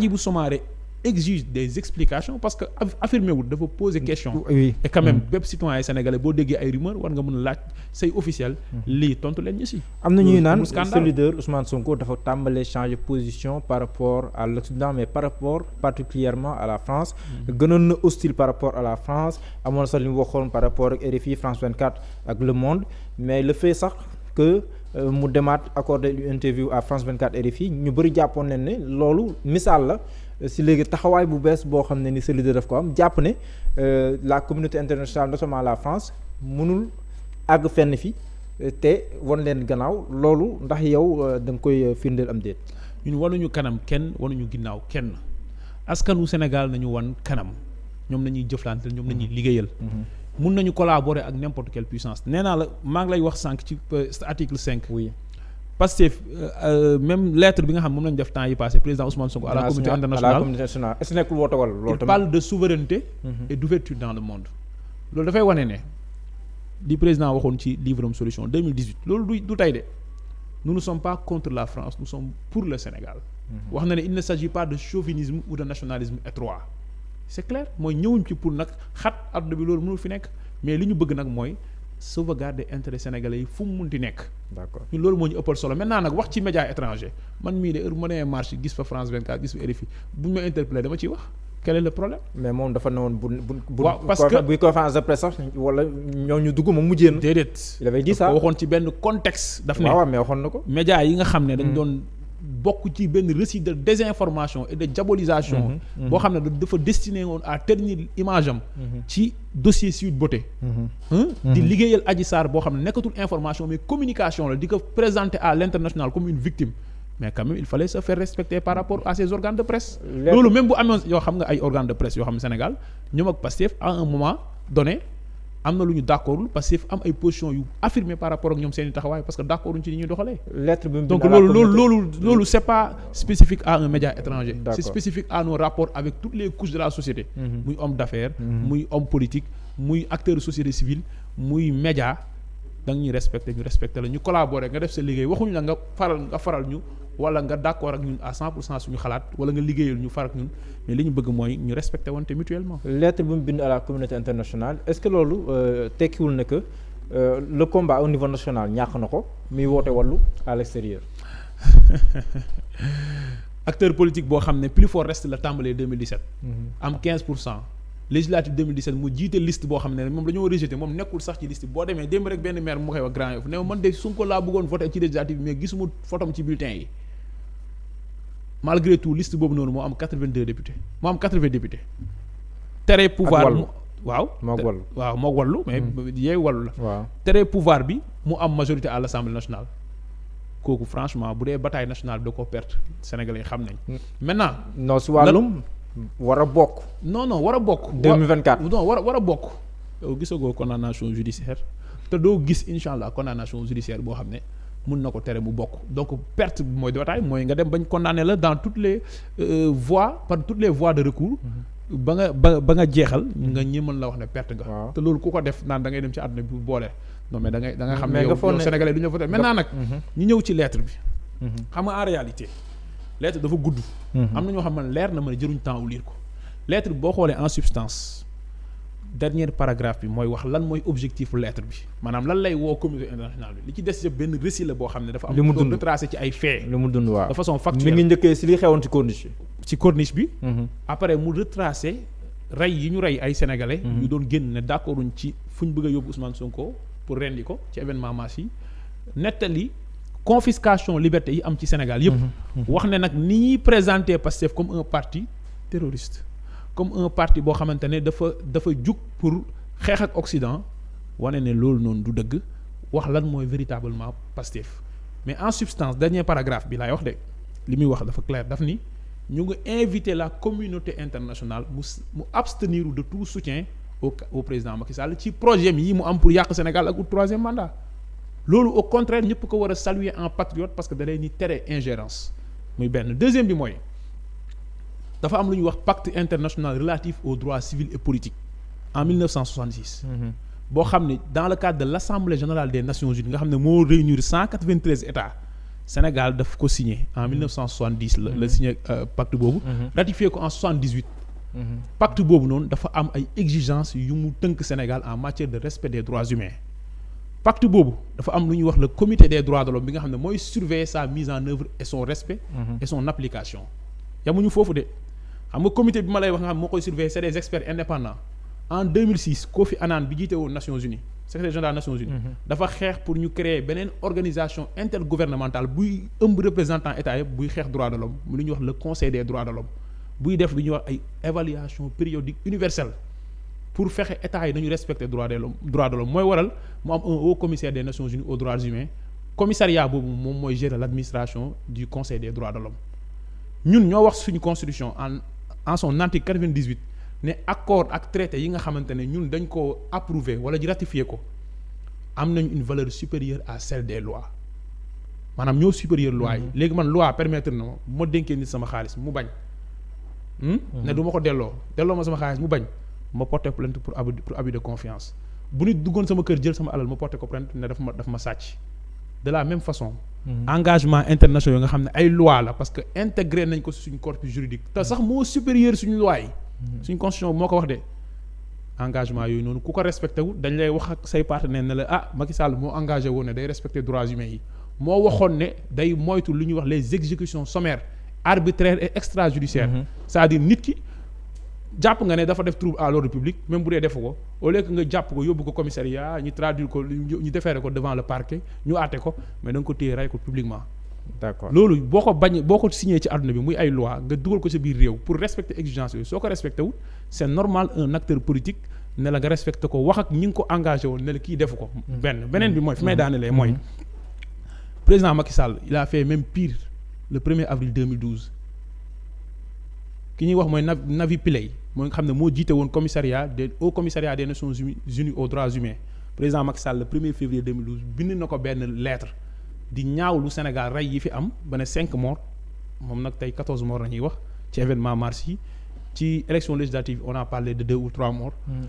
exige des explications parce que affirmé wul dafa poser question. oui et quand même mm. bépp citoyen boo déggee ay rumeur war nga mën laaj say officiel mm. lii tontu leen ñu si. am na ñuy naan ce leader Ousmane Sonko dafa tàmbalee changer position par rapport à l'Occident mais par rapport particulièrement à la France. a mm. na hostile par rapport à la France amoon sax li mu waxoon par rapport ak RFI France 24 ak Le Monde mais le fait sax que. Euh, mu demaat accor une à France 24 RFI ñu bëri jàppoon nañ ne loolu misaal la si léegi taxawaay bu bees boo xam ne ni sa leader daf ko am jàpp ne euh, la communauté internationale notamment la France mënul àgg fenn fi euh, te wan leen gannaaw loolu ndax yow euh, da nga koy firndeel am déet. ñun wanuñu kanam kenn ñu ginnaaw kenn askanu Sénégal nañu wan kanam ñoom nañuy jëflanteel ñoom nañuy mm-hmm. liggéeyal. Mm-hmm. mun nañu collaborer ak n'importe quelle puissance nee naa la maa ngi lay wax sànq ci article cinq. oui Pastef euh, euh, même lettre bi nga xam moom lañu def temps yi passé président Ousmane Sonko à la communauté internationale est-ce parle de souveraineté mhm. d'ouverture dans le monde loolu dafay wane ne li président waxoon ci livre solution loolu du du de nous ne sommes pas contre la France nous sommes pour le Sénégal mhm. wax na ne il ne s'agit pas de chauvinisme ou de étroit c'est clair mooy ñëwuñ ci pour nag xat adduna bi loolu mënul fi nekk mais li ñu bëgg nag mooy sauvegarder intérêt sénégalais yi fu mu munti nekk. d'accord ñun loolu moo ñu ëppal solo maintenant nag wax ci média étranger man mii de heure bu ma nee marché gis fa France 24 gis fa RFI bu ma interpellé dama ciy wax. quel est problème. mais moom dafa newoon bu bu bu. waaw parce que bu conférence de presse sax wala ñoo ñu dugg moom mu jéem. déedéet il waxoon ci benn contexte. daf ne mais waxoon na ko. média yi nga xam ne dañ hmm. doon. bokk ci benn récit de désinformation et de diabolisation. Mhm, mhm. boo xam ne dafa destiné woon à ternir image am. Mhm. ci dossier Sweet Beauté. di liggéeyal Adji Sarr boo xam ne nekkatul information mais communication la di ko présenter à l'international comme une victime. mais quand même il fallait se faire respecter par rapport à ces organes de presse. loolu même bu amoon yoo xam nga ay organes de presse yoo xam Sénégal ñoom ak Pastef à un moment donné. am na lu ñu d' accordul Pastef am ay position yu affirmé par rapport ak ñoom seen i taxawaay parce que d' accorduñ ci ni ñuy doxalee. lettre bi donc loolu loolu loolu loolu c' est pas spécifique à un média étranger. d' spécifique à nos rapports avec toutes les couches de la société. Mm-hmm. muy homme d' mm-hmm. muy homme politique muy acteur société civile muy média da nga ñuy respecté ñu respecté la ñu collaboré nga def sa liggéey waxuñu la nga faral nga faral ñu. wala nga d'accord ak ñun à 100 pour cent suñu xalaat wala nga liggéeyal ñu far ak ñun mais li bëgg mooy ñu respecté wante mutuellement. lettre bu mu bind à la communauté internationale est loolu euh, tekkiwul na que euh, le combat au niveau national ñàkk na ko muy woote wallu à l'extérieur. acteur politique boo xam ne plus fort reste la tàmbalee mhm. am législative mu jiite liste boo xam ne moom dañoo rejeté moom nekkul sax ci liste boo demee démb rek benn maire malgré tout list boobu noonu moo am quatre vingt deux députés moo am quatre vingt députés. tere pouvoir waaw. moog wallu waaw moog wallu mais hmm. yeey wallu la. waaw tere pouvoir bi mu am majorité à l' assemblée nationale. kooku franchement bu dee bataille nationale bi da koo perte yi xam nañ. Hmm. maintenant non su wàllum. war a bokk. non non war a bokk. 2024 non war a war a bokk. yow gisagoo condamnation judiciaire te doo gis incha allah condamnation judiciaire boo xam ne. mun na ko tere mu bokk donc perte bi mooy dootaay mooy nga dem bañ condamné la dans toutes les euh, voies par toutes les voies de recours. Mm-hmm. ba nga ba ba nga jeexal. nga ñi mën la wax ne perte nga. te loolu ku ko def naan da ngay dem ci àdduna bi bu boole. non mais da ngay nga xam ne yow sénégalais du ñu voté maintenant nag. Mm-hmm. ñu ñëw ci lettre bi. Mm-hmm. xam nga en réalité. lettre dafa gudd. am na ñoo xam man leer na ma ne jëruñ temps wu lire ko. lettre boo xoolee en substance. dernier paragraphe bi mooy wax lan mooy objectif lettre bi maanaam lan lay woo communauté internationale bi li ci des yëpp benn récit boo xam ne dafa am. li mu dund retracé ci ay faits. li mu dund waaw de façon factuelle mi ngi njëkkee si li xewoon ci corniche bi. ci mhm. mu retracé rey yi ñu rey ay sénégalais. Mhm. ñu doon génn ne d'accorduñ ci fu ñu bëgg a yóbbu Ousmane Sonko pour rendi ko ci événement mass yi nettali confiscation liberté yi am ci Sénégal yëpp. Mhm. wax ne nag ni ñuy présenté Pastef comme un parti terroriste. comme un parti boo xamante ne dafa dafa jug pour xeex ak Occident wane ne loolu noonu du dëgg wax lan mooy véritablement Pastef mais en substance dernier paragraphe bi laay wax de li muy wax dafa clair daf ni ñu ngi invité la communauté internationale mu mu abstenir de tout soutien au au président Macky ci projet yi mu am pour yàq Sénégal ak ut troisième mandat loolu au contraire ñëpp ko war a saluer en patriote parce que da lay ni tere ingérence muy benn deuxième bi dafa am lu ñuy wax pacte international relatif aux droits civils et politiques en 1966. Mhm. boo xam ne dans le cadre de l' assemblée générale des nations unies nga xam ne moo réunir 193 Sénégal daf ko signé en 1970. Mhm. la la mhm. signé euh, pacte boobu. ratifié ko en 78. pacte boobu noonu dafa am ay exigences yu mu tënk Sénégal en matière de respect des droits humains. pacte boobu dafa am lu ñuy wax le comité des droits de l'homme bi nga xam ne mooy surveiller sa mise en œuvre et son respect. xam nga comité bi ma lay wax nga xam moo koy surveiller c'est des experts indépendants en 2006 Kofi Annan bi jiite woon Nations Unies secrétaire général Nations Unies. Mhm. dafa xeex pour ñu créer beneen organisation intergouvernementale buy ëmb représentant état yëpp buy xeex droit de l'homme mu li ñuy wax le conseil des droits de l'homme buy def lu ñuy wax ay évaluation périodique universelle pour fexe état yi nañu respecter droit de l'homme droit de l'homme mooy waral mu am un haut droits de l'homme ñun ñoo en son article quatre-vingt-dix-huit ne accord ak traité yi nga xamante ne ñun dañ ko approuvé wala ji ratifié ko am nañ une valeur supérieure à celle des lois maanaam ñoo supérieure loi yi mm-hmm. léegi man loi permettre na ma ma dénkee nit sama xaalis mu bañ hmm? mm-hmm. ne du ma ko delloo delloo ma sama xaalis mu bañ ma porté plainte pour abus pour abus de confiance bu nit duggoon sama kër jël sama alal ma porté ko plainte ne dafa ma daf ma sàcc de la même façon Mhm. engagement internationaux yi nga xam ne ay loi la parce que intégré nañ ko suñ corpus juridique te mhm. sax moo supérieur suñu loi yi mhm. suñ constitution moo ko wax de engagement yooyu noonu ku ko respecté wu dañ lay wax ak say partenaire ne la ah Macky Sall moo engagé woon ne day respecté droits humains yi moo waxoon ne day moytu lu ñu wax les exécutions sommaires arbitraires et extrajudiciaires c'est-à-dire nit ki jàpp nga ne dafa def trouble à l'ordre public même bu dee defu ko au lieu nga jàpp ko yóbbu ko commissariat ñu traduire ko ñu defeere ko devant le parquet ñu àtte ko mais da ko téye rey ko publiquement d'accord loolu boo ko bañ boo ko signé ci àdduna bi muy ay loi nga dugal ko sa biir réew pour respecter exigence yooyu soo ko respecté wul c'est normal un acteur politique ne nga respecté ko wax ak ñi nga ko engagé woon ne la kii defu ko mm-hmm. benn beneen bi mooy fi may mm-hmm. daanelee mooy mm-hmm. président Macky Sall il a fait même pire le 1er avril ki ñuy wax mooy Nav Navi Pillay moo nga xam ne moo jiite woon commissariat des haut commissariat des nations unies aux droits humains président Macky Sall le 1er février 2012 na ko benn lettre di ñaaw lu Sénégal rey yi fi am ba ne 5 moom nag tey 14 la ñuy wax ci événement yi ci élection législative a parlé de 2 ou 3 morts. Hmm.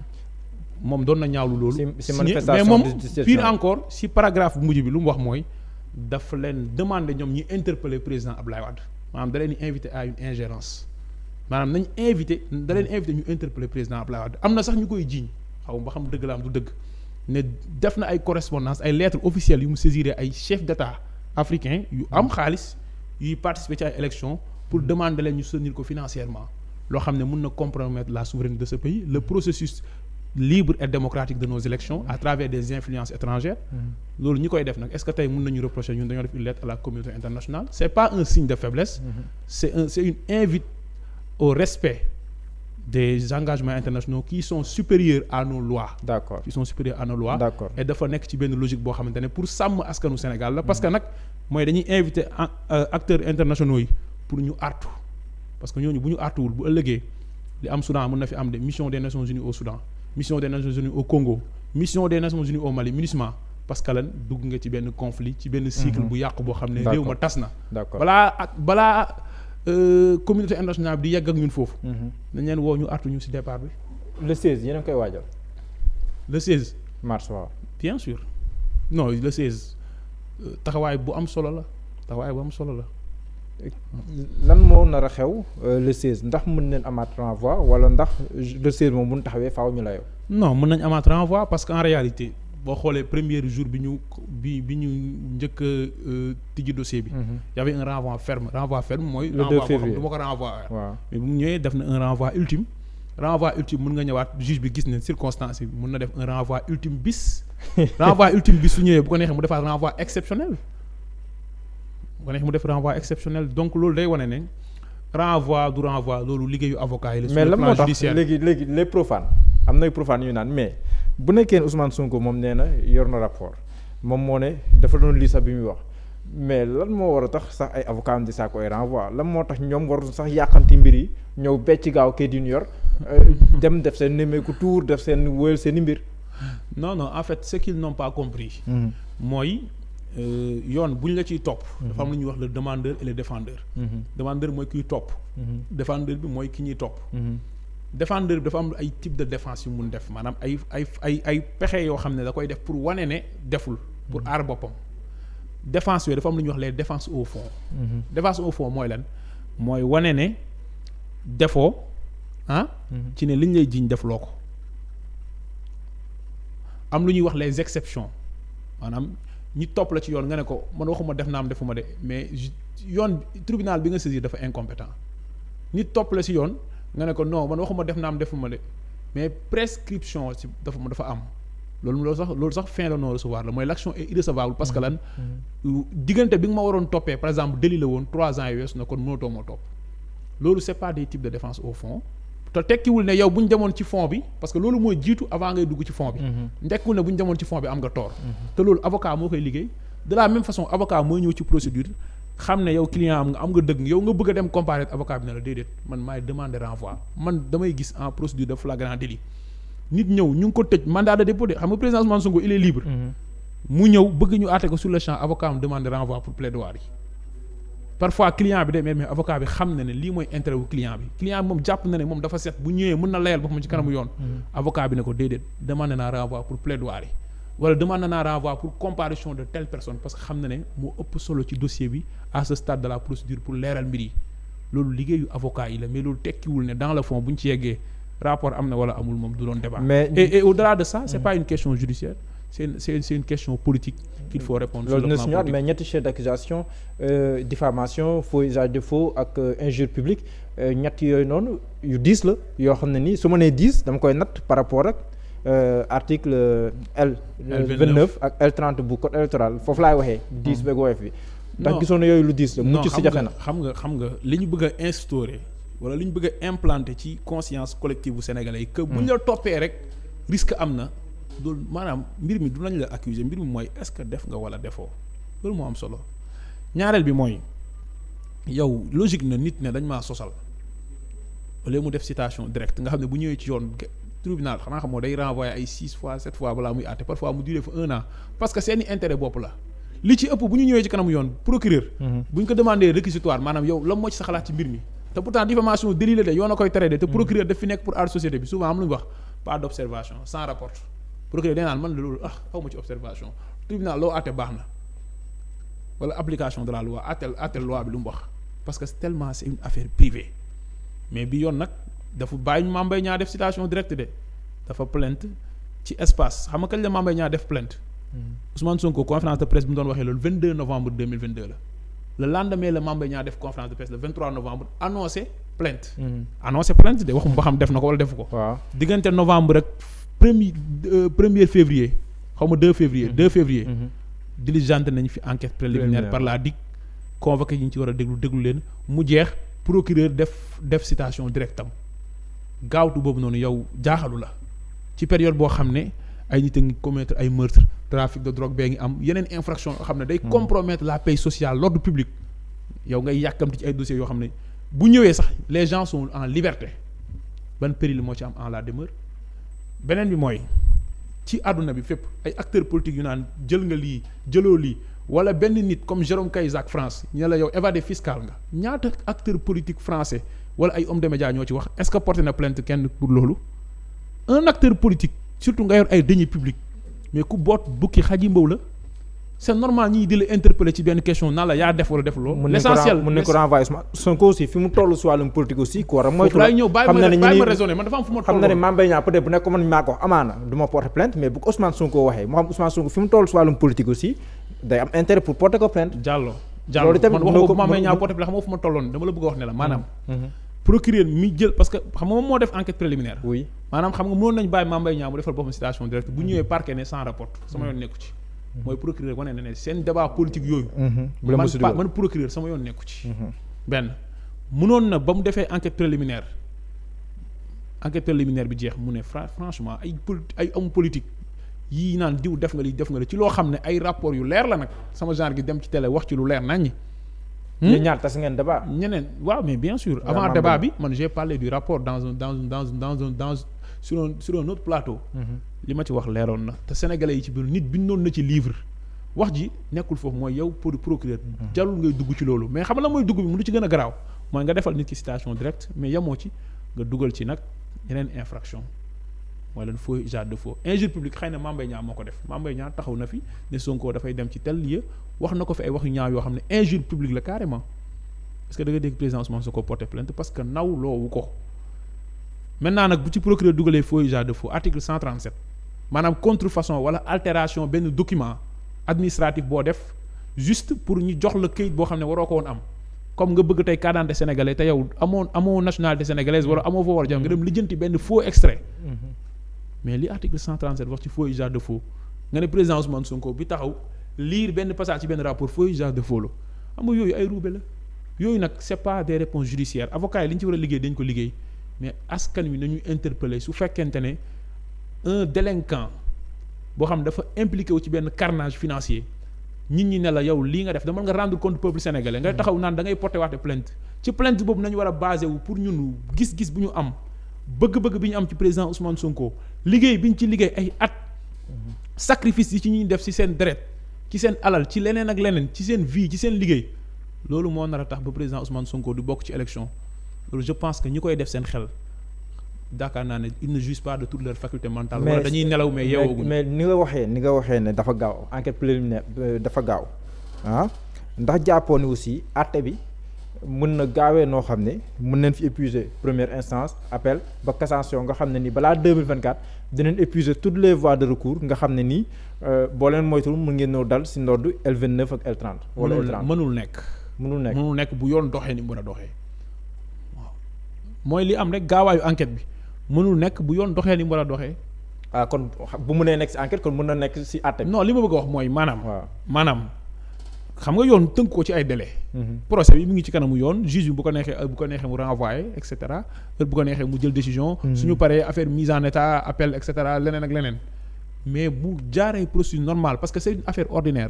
moom doon na ñaawlu loolu. si mais moom pire encore si paragraphe bu mujj bi lu mu wax mooy daf leen demander ñoom ñi interpeller président Abdoulaye Wade maanaam da leen di invité à une ingérence. maanaam nañ invité da leen invité ñu interpeller président am na sax ñu koy jiiñ xaw ma xam dëgg la am du dëgg ne def na ay correspondance ay lettres officielles yu mu saisir ay chefs d'État africains yu am xaalis yuy participer ci ay élections pour demander ñu soutenir ko financièrement loo xam ne mën na compromettre la souveraineté de ce pays le processus libre et démocratique de nos élections à travers des influences étrangères mm-hmm. loolu ñi koy def nag au respect des engagements internationaux qui sont supérieurs à nos lois. d'accord qui sont supérieurs à nos lois. dafa nekk ci benn logique boo xamante ne pour sàmm askanu Sénégal la. parce que nag mooy dañuy invité euh, acteurs internationaux yi pour ñu artu parce que ñooñu bu ñu artuwul bu ëllëgee li am Soudan mën na fi am de mission des Nations Unies au Soudan mission des Nations Unies au Congo mission des Nations Unies au Mali MINUSMA parce que lan dugg nga ci benn conflit ci benn cycle mhm. bu yàqu boo xam ne ma tas na. balaa ak Euh, communauté internationale bi di yegg ak ñun foofu. Mhm. nañ leen woo ñu artu ñu si départ bi. le 16 yéen a koy waajal. le 16. mars waaw. bien sûr no le 16 euh, taxawaay bu am solo la taxawaay bu am solo la. lan moo nar a xew euh, le 16 ndax mën nañ amaat renvoi wala ndax le 16 moom mun ñu taxawee faw ñu la yow. non mën nañ amaat renvoi parce que en réalité. boo xoolee première jour bi ñu bi bi ñu njëkk a euh, tijji dossier bi. Mhm. y avait un renvoi ferme renvoi ferme mooy. le 2 février renvoi boo xam du ko renvoi. mais bu ñëwee def na un renvoi ultime. renvoi mën nga ñëwaat juge bi gis ne circonstance bi na def un renvoi bis. renvoi ultime bis su ñëwee bu ko neexee mu defaat renvoi exceptionnel. bu ko neexee mu def renvoi exceptionnel donc loolu day wane ne renvoi du renvoi loolu liggéeyu avocat yi. la sur le plan judiciaire mais moo tax léegi léegi les profanes am nay profanes yu naan mais. bu nekkee Ousmane Sonko moom nee na yor na rapport moom moo ne dafa doon lii sax bi muy wax mais lan moo war a tax sax ay avocat am di saako ay renvoi lan moo tax ñoom waruñu sax yàqanti mbir yi ñëw becc gaaw kayit yi ñu yor dem def seen nemmeeku tour def seen wëyal seen i mbir. non non en fait ce qu'ils n'ont pas compris. Mm-hmm. mooy euh, yoon bu ñu la ciy topp. Mm-hmm. dafa am lu wax le demandeur et le défendeur. Mm-hmm. demandeur mooy kiy topp. défendeur bi mooy ki ñuy topp. défendeur bi dafa am ay type de défense yu mun def maanaam ay ay ay ay pexe yoo xam ne da koy def pour wane ne deful pour mhm. aar boppam défense yooyu dafa am lu ñuy wax les défenses au fond mhm. défense au fond mooy lan mooy wane ne defoo ah mhm. ci ne liñ lay jiñ def loo ko am lu ñuy wax les exceptions maanaam ñi topp la ci yoon nga ne ko man waxuma def naa am defuma de mais yoon tribunal bi nga saisir dafa incompétent nit topp la ci yoon nga ne ko non man waxuma def naam defuma de mais prescription si dafa dafa am loolu loolu sax loolu sax recevoir la mooy l'action irrecevable parce que mm-hmm. lan mm-hmm. Euh, diggante bi nga ma waroon toppee par exemple délit la woon trois ans yu weesu na kon mënatoo ma topp loolu c'est pas des types de défense au fond te tekkiwul ne yow bu ñu ci fond bi parce que loolu mooy jiitu avant ngay dugg ci fond bi ndekkiwul mm-hmm. ne bu ñu ci fond bi am nga tort te xam ne yow client am nga am nga dëgg yow nga bëgg a dem comparer ak avocat bi ne la déedéet man maay demander renvoi man damay gis en procédure de flagrant délit nit ñëw ñu ngi ko tëj mandat de dépôt de xam nga président Ousmane Sonko il est libre. Mm-hmm. mu ñëw bëgg ñu àtte ko sur le champ avocat am demande renvoi pour plaidoirie yi. parfois client bi de mais mais avocat bi xam na ne lii mooy intérêt wu bi client bi moom jàpp na ne moom dafa set bu ñëwee mën na layal boppam ci kanamu mm-hmm. yoon. Mm-hmm. wala demande naa renvoi pour comparution de telle personne parce que xam na ne moo ëpp solo ci dossier bi à ce stade de procédure pour leeral mbir yi loolu liggéeyu avocat yi la mais loolu tekkiwul ne dans le fond bu ñu ci yeggee rapport am na wala amul moom du doon débat. mais et, et au-delà de ça. c'est mm. pas une question judiciaire. c'est une c'est une, c'est une question politique. qu'il faut répondre sur mais ñetti chefs d'accusation euh, faux usage de faux ak euh, injure publique euh, ñett yooyu noonu yu la yoo xam ne nii su ma nee diis dama koy natt par rapport ak. Euh, article euh, L. L29 ak L30 bu code électoral foofu laay waxee. Hmm. diis beeg woyof bi. ndax gisoon yooyu lu diis la. mucc si jafe na xam nga xam nga li ñu bëgg a instaurer wala li ñu bëgg a ci conscience collective bu sénégalais yi. que bu ñu la hmm. toppee rek risque am na. loolu maanaam mbir mi du lañ la accuser mbir mi mooy est-ce que def nga wala defoo loolu moo am solo ñaareel bi mooy yow logique na nit ne dañ ma sosal au lieu mu def citation direct nga xam ne bu ñëwee ci yoon tribunal xanaa xam moo day renvoyer ay six fois sept fois balaa muy àtte parfois mu duré fa un parce que seeni intérêt bopp la li ci ëpp bu ñu ñëwee ci kanamu yoon procureur mhm. bu ñu ko demandé réquisitoire maanaam yow lan moo sa xalaat ci mbir mi te pourtant diffamation délit la de yoon a koy tere de te mhm. procureur daf nekk pour aar société bi souvent am lu ñu wax pas d' observation sans rapport procureur day naan man la loolu ah xaw ma ci observation que tellement c' est une affaire privée mais bi yoon nag dafa bàyyi ñu Mame Mbaye Niang def citation directe de dafa plainte ci espace xam nga kañ la Mame Mbaye Niang def plainte hmm. Ousmane Sonko conférence de presse bi mu doon waxee loolu 22 la le la Mame Mbaye Niang def conférence de presse le 23 novembre annoncé plainte hmm. annoncé plainte de waxum ba xam def na ko wala defu ko diggante novembre rek euh, premier février xaw ma 2 février 2 hmm. février diligente nañ fi enquête préliminaire par la DIC convoqué yi ñu ci war a déglu déglu leen mu jeex procureur def def citation directe gaawtu boobu noonu yow jaaxalu la ci période boo xam ne ay nit a ngi commettre ay meurtre trafic de drogue bee ngi am yeneen infraction yoo xam ne day hmm. compromettre la paix sociale l'ordre public yow ngay yàkkamti ci ay dossiers yoo xam ne bu ñëwee sax les gens sont en liberté ban péril moo ci am en la demeure beneen bi mooy ci àdduna bi fépp ay acteur politiques yu naan jël nga lii jëloo lii wala benn nit comme Jérôme Cahuzac France ñu ne la yow évadé fiscal nga ñaata acteur politique français wala ay hommes de médias ñoo ci wax est-ce que na plainte kenn pour loolu un acteur politique surtout nga yor ay deniers publics mais ku boot bukki xaji mbaw la c'est normal ñii di la interpeller ci benn question nan la yaa def wala def loolu l'essentiel mën ko fi mu toll si wàllum politique aussi ku war a moytu la ñëw bàyyi ma raisonné man dafa am fu ma toll maa ko amaana du ma porter plainte mais ko waxee moo xam Ousmane Sonko fi mu toll procureur mi jël parce que xam nga moo def enquête préliminaire. oui maanaam xam nga mënoon nañ bàyyi Mame Mbaye Niang mu defal boppam citation directe bu ñëwee parquet ne sans rapport sama yoon nekku ci. Mhm. mooy procureur ne seen débat politique yooyu. Mhm. man procureur sama yoon nekku ci. Mhm. benn mënoon na ba mu defee enquête préliminaire enquête préliminaire bi jeex mu ne franchement ay poli ay homme politique yi naan diw def nga li def nga li ci loo xam ne ay rapport yu leer la nag sama genre gi dem ci télé wax ci lu leer naññi. Hmm? yéen ñaar tas ngeen débat. ñeneen waaw mais bien sûr. avant débat bi man j'ai parlé du rapport dans un dans un dans dans un dans sur un sur un autre plateau. Mhm. li ma ci wax leeroon na. te sénégalais yi ci biir nit bindoon na ci livre. wax ji nekkul foofu mooy yow pour procureur mhm. jarul ngay dugg ci loolu mais xam nga la mooy dugg bi mu lu ci gën a garaaw mooy nga defal nit ki citation directe mais yemoo ci nga dugal ci nag yeneen infraction mooy leen faux usage de faux injure publique xëy na Mame Mbaye Niang moo ko def Mame Mbaye Niang taxaw na fi ne Sonko dafay dem ci tel lieu wax na ko fi ay wax yu ñaaw yoo xam ne injure publique la carrément est-ce que da dégg président Ousmane Sonko porté plainte parce que naw loowu ko maintenant nag bu ci procureur dugalee faux usage de faux article 137 maanaam contrefaçon wala altération benn document administratif boo def juste pour ñu jox la këyit boo xam ne waroo ko woon am comme nga bëgg tey carte d'identité sénégalais te yow amoo amoo nationalité sénégalaise wala amoo foo war a jëm nga dem benn faux extrait mm-hmm. mais li article liir benn passage ci benn rapport fooy usage de faux la yooyu ay roube la yooyu nag c'est pas des réponses judiciaires avocats yi li ñu ci war a liggéey dañ ko liggéey mais askan wi nañu interpeller su fekkente ne un délinquant boo xam dafa impliqué wu ci benn carnage financier nit ñi ne la yow lii nga def dama nga rendre compte peuple sénégale nga taxaw naan dangay ngay porter waate plainte ci plainte boobu nañu war a basé wu pour ñun gis-gis bu ñu am bëgg-bëgg bi am ci président Ousmane Sonko liggéey bi ñu ci liggéey ay at sacrifice yi ci ñuy def ci seen deret ci seen alal ci leneen ak leneen ci seen vie ci seen liggéey loolu moo nar a tax ba président Ousmane Sonko du bokk ci élection loolu je pense que ñi koy def seen xel daakaar naa ne ils ne jouissent pas de toutes leurs facultés mentales. wala dañuy nelaw mais yeewooguñu mais ni nga waxee ni nga waxee ne dafa gaaw enquête préliminaire euh, dafa gaaw ah ndax jàppoon aussi àtte bi mun na gaawee noo xam ne mun neen fi épuiser première instance appel ba cassation nga xam ne balaa deux mille vingt quatre dinañ épuiser tout les voies de recours nga xam ne nii euh, boo leen moytul mun ngeen ñëw dal si ndodd L29 ak L30. wala L30 mënul nekk. mënul nekk mënul nekk bu yoon doxee ni mu war a doxee waaw mooy li am rek gaawaayu enquête bi mënul nekk bu yoon doxee ni mu war a doxee. ah kon bu mënee nekk si enquête kon mën na nekk si àtte. non li ma bëgg a wax mooy maanaam. waaw maanaam. xam nga yoon tënk ko ci ay délai. Mhm. procès bi mu ngi ci kanamu yoon juge bi bu ko neexee bu ko neexee mu renvoyé et cetera bu ko neexee mu jël décision. Mhm. suñu paree affaire mise en état appel et cetera leneen ak leneen. mais bu jaaree procédure normale parce que c' une affaire ordinaire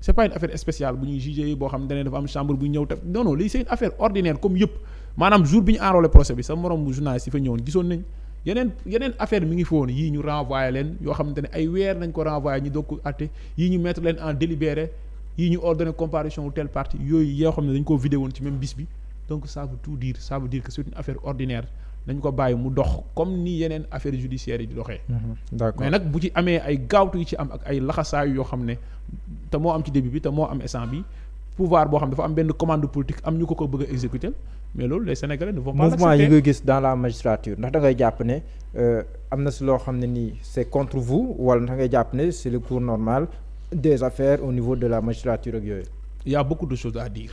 c' est pas une affaire spéciale bu ñuy jugé boo xam ne dafa am chambre bu ñëw te non non lii c' est une affaire ordinaire comme yëpp maanaam jour bi ñu enrôlé procès bi sa mi ngi foon yii ñu renvoyé leen yoo xamante ne ay weer nañ ko renvoyé ñu doog ko àtte ñu mettre leen en délibéré yii ñu ordonné comparution wu tel parti yooyu yoo xam ne dañ koo vidé woon ci même bis bi donc ça veut tout dire ça veut dire que c'est une affaire ordinaire nañ ko bàyyi mu dox comme ni yeneen affaire judiciaire yi di doxee. Mm-hmm. mais nag bu ci amee ay gaawtu yu ci am ak ay laxasaayu yoo xam ne te moo am ci début bi te moo am instant bi pouvoir boo xam ne dafa am benn commande politique am ñu ko ko bëgg a exécuter mais loolu les sénégalais ne vont pas nga gis dans la magistrature ndax da ngay jàpp ne euh, am na si loo xam ne nii c'est contre vous wala da ngay jàpp ne c'est le cours normal des affaires au niveau de la magistrature ak yooyu. il y a beaucoup de choses à dire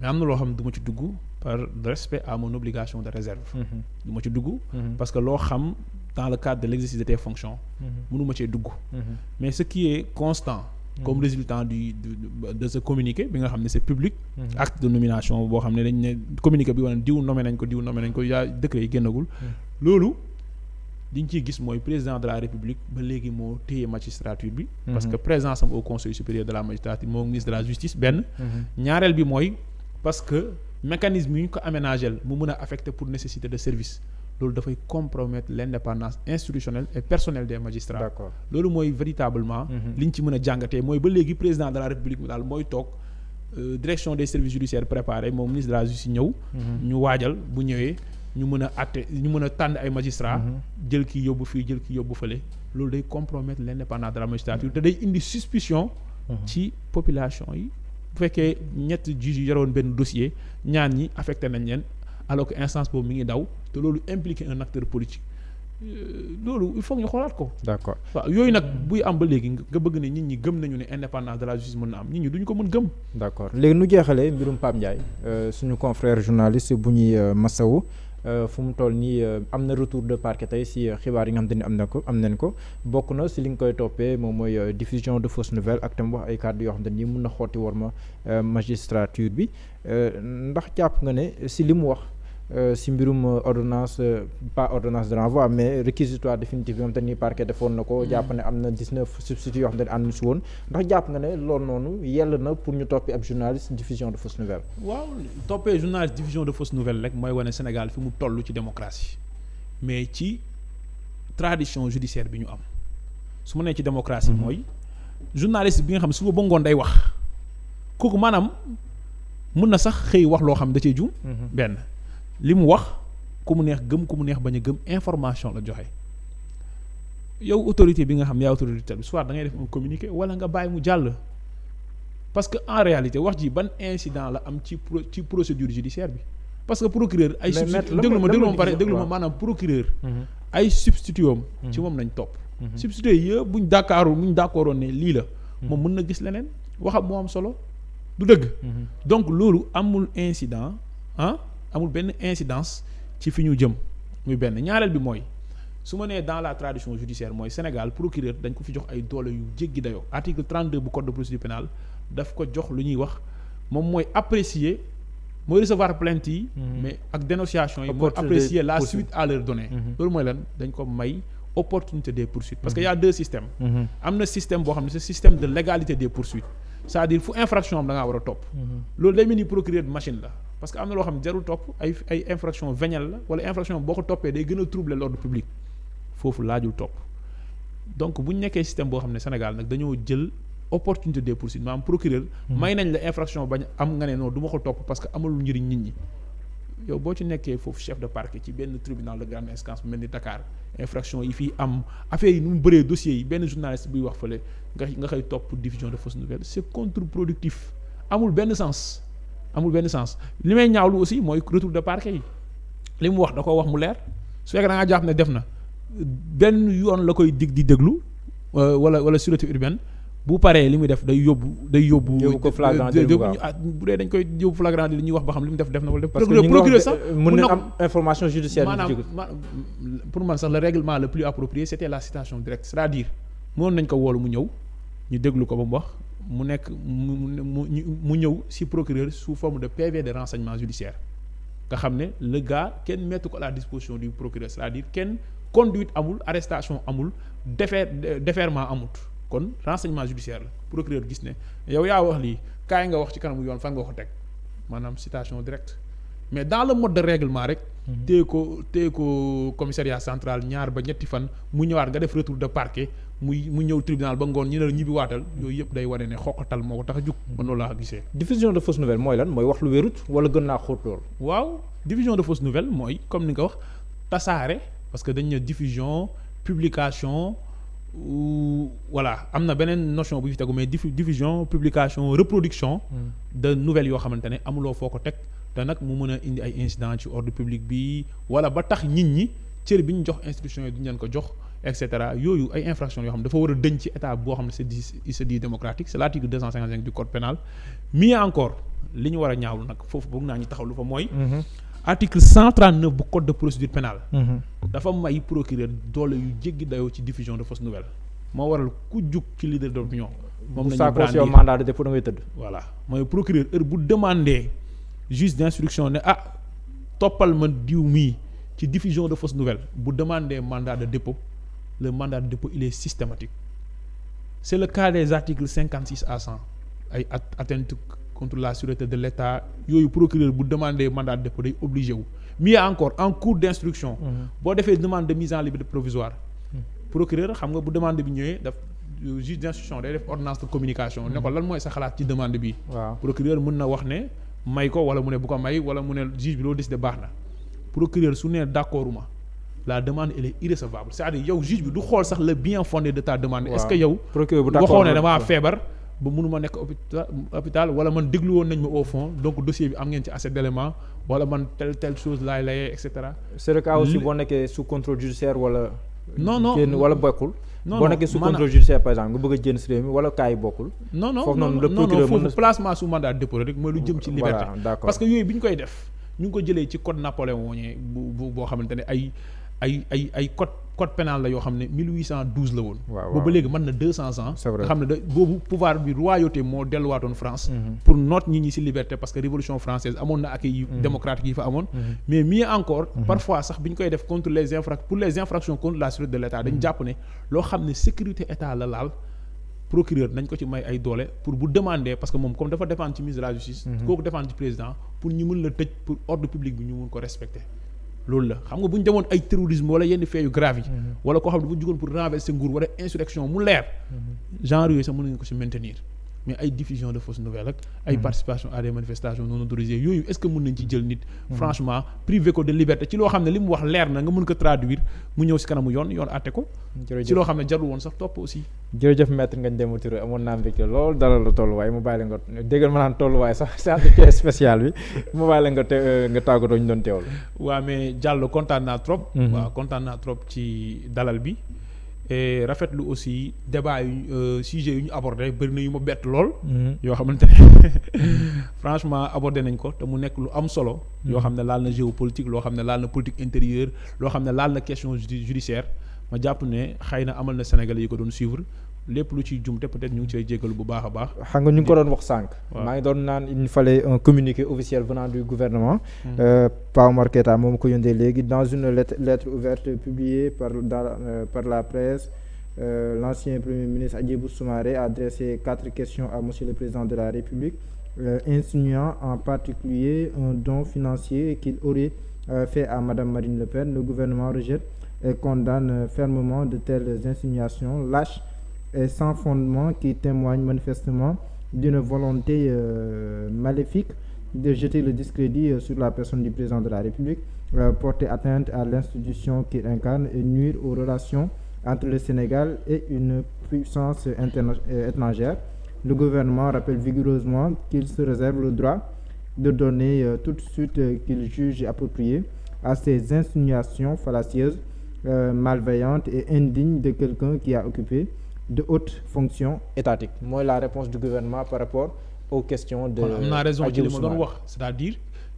mais am na loo xam ne du ma ci dugg par respect à mon obligation de réserve. Mhm. du ci dugg. Mhm. parce que loo xam dans le cadre de l'exercice de tes fonctions. Mhm. mënuma cee dugg. mais ce qui est constant. comme résultat du de ce communiqué bi nga xam ne c'est public. acte de nomination boo xam ne dañ ne communiqué bi wane diw nommé nañ ko diw nommé nañ ko yaa décret yi génnagul. loolu. li ñu ciy gis mooy président de la république ba léegi moo téye magistrature bi. Mhm. parce que présence am au conseil supérieur de la magistrature moo ministre de la justice benn. Mhm. ñaareel bi mooy parce que mécanisme yi ñu ko aménagel mu mën a affecté pour nécessité de service loolu dafay compromettre l' indépendance institutionnelle et personnelle des magistrats. d'accord loolu mooy véritablement. Mhm. li ñu ci mën a jàngatee mooy ba léegi président de la république mu daal mooy toog. Euh, direction des services judiciaires préparé moom ministre de la justice ñëw. ñu waajal ñu mën a atte ñu mën a tànn ay magistrats. Mhm. jël kii yóbbu fii jël kii yóbbu fële loolu day compromettre l' indépendance de la da day indi suspicion. Mhm. ci population yi. bu fekkee ñett juge yi yoroon benn dossier ñaan ñi affecté nañ leen alors que instance boobu mi ngi daw te loolu impliqué un acteur politique euh, loolu il faut ñu xoolaat ko. d' accord yooyu nag buy am ba léegi nga bëgg ne nit ñi gëm nañu ne indépendance de la justice mën na am nit ñi duñu ko mën gëm. d' accord léegi jeexalee mbirum Pape Ndiaye euh, suñu confrère journaliste bu ñuy euh, Massawu. Euh, fu mu toll nii euh, am na retour de parquet tey si euh, xibaar yi nga xam te ne am na ko am nañ ko bokk na si li nga koy toppee moom mooy diffusion de fausses nouvelles ak tam wax ay kàddu yoo xam te ni mun na xotti war ma magistrature bi ndax jàpp nga ne si li mu wax. Eh, si mbirum eh, ordonnance eh, pas ordonnance de renvoi mais réquisitoire définitive bi nga xam te ni parquet defoon na ko. Mm-hmm. jàpp ne am na dix neuf substituts yoo xam ne ànd si woon ndax jàpp nga ne loolu noonu yell na pour ñu toppi ab journaliste diffusion de fausse nouvelle. waaw toppee journaliste diffusion de fausse nouvelle rek mooy wane Sénégal fi mu toll ci démocratie mais ci tradition judiciaire bi ñu am su ma nee ci démocratie mm-hmm. mooy journaliste bi nga xam suba ba ngoon day wax maanaam mun na sax xëy wax loo xam da cee juum mm-hmm. benn. li mu wax ku mu neex gëm ku mu neex bañ a gëm information la joxe yow autorité bi nga xam yaa autorité bi soit da ngay def un communiqué wala nga bàyyi mu jàll parce que en réalité wax ji ban incident la am ci pro ci procédure judiciaire bi parce que procureur ay substitut déglu ma déglu ma pare ma maanaam procureur mhm. ay substitut am ci mhm. moom lañ topp mhm. substitut yëpp buñ d'accord buñ d'accordoon ne lii la moom mën na gis leneen waxam moo am solo du dëgg donc loolu amul incident ah, amul benn incidence ci fi ñu jëm muy benn ñaareel bi mooy su ma nee dans la tradition judiciaire mooy Sénégal procureur dañ ko fi jox ay doole yu jéggi dayoo article 32 bu code de procédure pénale daf ko jox lu ñuy wax moom mooy apprécier mooy recevoir plainte yi mhm. mais ak dénonciation yi mooy apprécier la suite à leur donnée mhm. loolu mooy lan dañ ko may opportunité des poursuites parce que mhm. y a deux systèmes am na système boo xam ne c'est système de légalité des poursuites la parce que am na loo xam ne jarul topp ay ay infraction vénielle la wala infraction boo ko toppee day gën a troubler l'ordre public foofu laajul topp donc bu ñu nekkee système boo xam ne Sénégal nag dañoo jël opportunité de poursuite maanaam procureur hmm. may nañ la infraction ba am nga ne non du ma ko topp parce que amalul njëriñ nit ñi yow boo ci nekkee foofu chef de parquet ci benn tribunal de grande instance bu mel ni Dakar infraction yi fii am affaire yi nu mu bëree dossiers yi benn journaliste buy wax fële nga nga koy topp diffusion de fausses nouvelles c'est contre-productif amul benn sens amul benn sens li may ñaawlu aussi mooy retour de parquet yi li mu wax da ko wax mu leer su fekkee da ngaa jàpp ne def na benn yoon la koy dig di déglu euh, wala wala sûreté urbaine bu paree li muy def day yóbbu day yóbbu. yóbbu ko flagrant délit ah, bu dee dañ koy yóbbu flagrant délit li ñuy wax ba xam li mu def def na wala def. que ñu ngi sax mën na am information judiciaire. maanaam pour man sax le règlement le plus approprié la citation directe c'est-à-dire mënoon nañ ko woolu mu ñëw ñu déglu ko ba mu wax. mu nekk mu mu ñëw si procureur sous forme de PV de renseignement judiciaire nga xam ne le gars kenn mettre ko la disposition du procureur c'est-à-dire kenn conduite amul arrestation amul défer déferment amut kon renseignement judiciaire la procureur gis ne yow yaa wax lii kaay nga wax ci kanamu yoon fan nga ko teg maanaam citation directe mais dans le mode de règlement rek. Mhm. téye ko téye ko commissariat central ñaar ba ñetti fan mu ñëwaat nga def retour de parquet. muy mu ñëw tribunal ba ngoon ñu ne la ñibbi waatal yooyu yëpp day wane ne xoqatal moo ko tax a jug man loolu laa gisee. diffusion de fausse nouvelle mooy lan mooy wax lu wérut wala gën naa xóot lool. waaw diffusion de fausse nouvelle mooy comme ni nga wax tasaare parce que dañ ne diffusion publication am na beneen notion bu fi tegu mais diffusion publication reproduction. Hmm. de nouvelles yoo xamante ne amuloo foo ko teg te nag mu mën a indi ay incidents ci ordre public bi wala ba tax nit ñi cër bi ñu jox institution yi leen ko jox. et cetera yooyu ay infraction yoo xam dafa war a dëñ ci état boo xam ne c'est dit il se démocratique c'est l'article du code pénal mieux encore li ñu war a ñaawlu nag foofu bëgg naa ñu taxaw lu fa mooy mhm. article 139 bu code de procédure pénale mhm. dafa may procureur doole yu jéggi dayoo ci diffusion de fausses nouvelles moo waral ku jug ci leader de dépôt da ngay tëdd ah, de fausses le mandat de dépôt il est systématique c'est le cas des articles cinquante six à cent ay atteinte contre la sûreté de l'État yooyu procureur bu demander mandat de dépôt day obligé wu mieux encore en cours d'instruction mm-hmm. boo defee demande de mise en liberté provisoire mm-hmm. procureur xam nga bu demande bi ñëwee daf juge d'instruction day def ordonnance de communication ne ko mm-hmm. lan mooy sa xalaat ci demande bi procureur mën na wax ne may ko wala mu ne bu ko may wala mu ne juge bi loo décidé laa demande elle est irrécevable c'est-à-dire yow juge bi du xool sax le bien fondé de ta demande. est-ce que yow. procureur bu waxoo ne damaa feebar. ba mënu ma nekk hôpital wala man déglu woon nañ ma au fond donc dossier bi am ngeen ci assez d'éléments wala man telle telle chose laay layee et cetera. c'est le cas aussi boo nekkee sous contrôle judiciaire wala. non non kenn wala bokkul. non non boo nekkee sous contrôle judiciaire par exemple nga bëgg a jënd si réew bokkul. non non non non non de ko jëlee ci code napoléonien bu bu boo ay. ay ay ay code code pénal la yoo xam ne 1812 la woon. waaw boobu ba léegi mën na 200 ans. c'est vrai nga xam ne da boobu pouvoir bi royauté moo delluwaatoon France. Mm-hmm. pour noot ñi ñi ci liberté parce que révolution française amoon na accueil yu mm-hmm. démocratique yi fa amoon. Mm-hmm. mais mieux encore. parfois sax bi ñu koy def contre les infra pour les infractions contre la sûreté de l'État dañ jàpp ne loo xam ne sécurité état la laal. procureur nañ ko ci may ay doole pour bu demander parce que moom comme dafa dépendre ci ministre de la justice. kooku dépendre ci ko respecter. loolu la xam nga bu ñu demoon ay terrorisme wala yenn fee grave yi. Mhm. wala koo xam ne jugoon pour renverser nguur wala insurrection mu leer. Mhm. genre yooyu sax mën nañu ko si maintenir. mais ay diffusion de fausses nouvelles ak ay hmm. participation à des manifestations non autorisées yooyu est-ce que mën nañ ci jël nit hmm. franchement privé ko de liberté ci loo xam ne li mu wax leer na nga mën ko traduire mu ñëw si kanamu yoon yoon àtte ko ci loo xam ne jarul woon sax topp aussi jërëjëf maître Ngagne Demba Touré amoon naa mbégte lool dalal la tolluwaay mu bàyyi la nga déggal ma naan tolluwaay sax c'est spécial bi mu bàyyi la nga te euh, nga tàggatoo ñu doon teewal waaw mais Diallo kontaan naa trop hmm. waaw kontaan naa trop ci dalal bi et rafetlu aussi débat yu euh, sujet yu ñu abordé bëri na yu ma bett lool. Mhm. yoo xamante ne franchement abordé nañ ko te mu nekk lu am solo. Mhm. yoo xam ne laal na géopolitique loo xam ne laal na politique intérieur loo xam ne laal na question judiciaire ma jàpp ne xëy na amal na Sénégalais yi ko doon suivre. lépp lu ciy jumte peut-être ñu ngi cay jégalu bu baax a baax. xam nga ñu ngi ko doon wax sànq. maa ngi doon naan il fallait un communiqué officiel venant du gouvernement. Hmm. Euh, Pao Marketa moom ko yónnee léegi dans une lettre lettre ouverte publiée par dans euh, par la presse. Euh, l'ancien premier ministre Hadjibou Soumaré a adressé quatre questions à monsieur le président de la République euh, insinuant en particulier un don financier qu'il aurait euh, fait à madame Marine Le Pen le gouvernement rejette et condamne fermement de telles insinuations lâches et sans fondement qui témoigne manifestement d'une volonté euh, maléfique de jeter le discrédit euh, sur la personne du président de la République, euh, porter atteinte à l'institution qu'il incarne et nuire aux relations entre le Sénégal et une puissance euh, étrangère. Le gouvernement rappelle vigoureusement qu'il se réserve le droit de donner euh, tout toute suite qu'il juge approprié à ces insinuations fallacieuses, malveillantes et indignes de quelqu'un qui a occupé de haute fonction étatique mooy la réponse du gouvernement par rapport aux questions de am naa raison ci li ma doon wax c'est-à-dire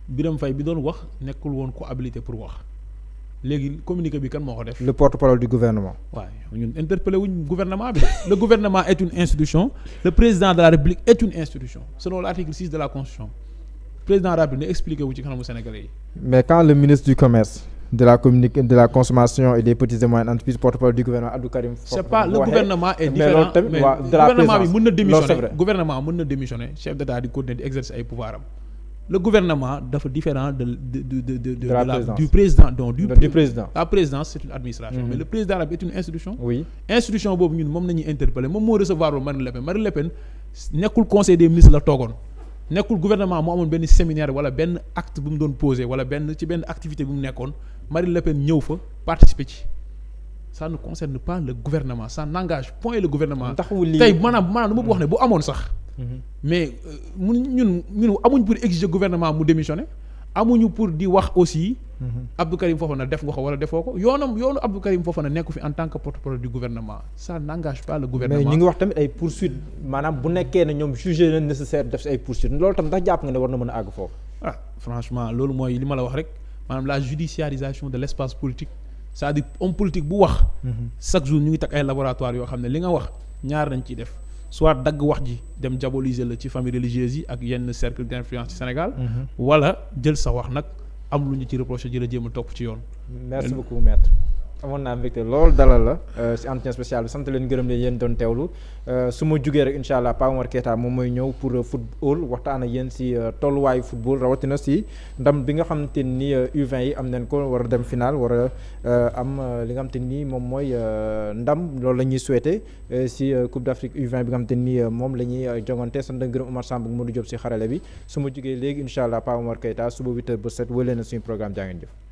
Birame Faye bi doon wax nekkul woon ko habilité pour wax léegi communiqué bi kan moo ko def. le porte-parole du gouvernement. waaw ñun interpellé wuñ gouvernement bi le gouvernement est une institution le président de la république est une institution selon l'article six de la constitution président de la république ne expliqué wu ci kanamu sénégalais mais quand le ministre du de la communique de la consommation et des petites et moyennes entreprises porte-parole du gouvernement Abdou Karim c'est pas le gouvernement est différent mais gouvernement bi mën na démissionner gouvernement mën na démissionner chef d'État di continuer di exercer ay pouvoir am le gouvernement dafa différent de de de de de la du président donc du président la présidence c'est une administration mhm. mais le président la est une institution oui Marine Le Pen ñëw fa participer ci ça ne concerne pas le gouvernement ça n'engage point le gouvernement. taxawul lii tey maanaam maanaam lu ma wax ne bu amoon sax. Mhm. mais euh, mun ñun ñun amuñ pour exiger gouvernement mu démissionner amuñu pour di wax aussi. Mhm. Abdou Karim Fofana def nga ko wala defoo ko yoonam yoonu Abdou Karim Fofana nekku fi en tant que porte-parole du gouvernement ça n'engage pas le gouvernement. mais ñu ngi wax tamit ay poursuites maanaam bu nekkee ne ñoom jugé a àgg foofu. ah franchement loolu mooy li ma la wax rek. maanaam la judiciarisation de l' espace politique c'est-à-dire politique bu wax. Mhm. chaque jour ñu ngi takk ay laboratoire yoo xam ne li nga wax ñaar nañ ciy def soit dagg wax ji dem diaboliser la ci famille religieuse yi ak yenn cercle d' influence ci Sénégal. Mhm. wala jël sa wax nag am lu ñu ci reproché jërëjëf ma topp ci yoon. merci amoon naa mbégte lool dalal la euh, si entretien spécial bi sant leen gërëm leen yéen doon teewlu euh, su ma jugee rek incha allah Pape Omar Keita moom mooy ñëw pour euh, football waxtaan ak yéen si tolluwaayu football rawatina si ndam bi nga xamante ni U20 yi am nañ ko war a dem final war a am li nga xamante ni moom mooy ndam loolu la ñuy souhaité si Coupe d'Afrique u moom la ñuy jongante sant leen gërëm Omar Samb ak Modou bi su ma jugee léegi incha allah Pape Omar Keita suba 8h ba suñu programme jaa jëf.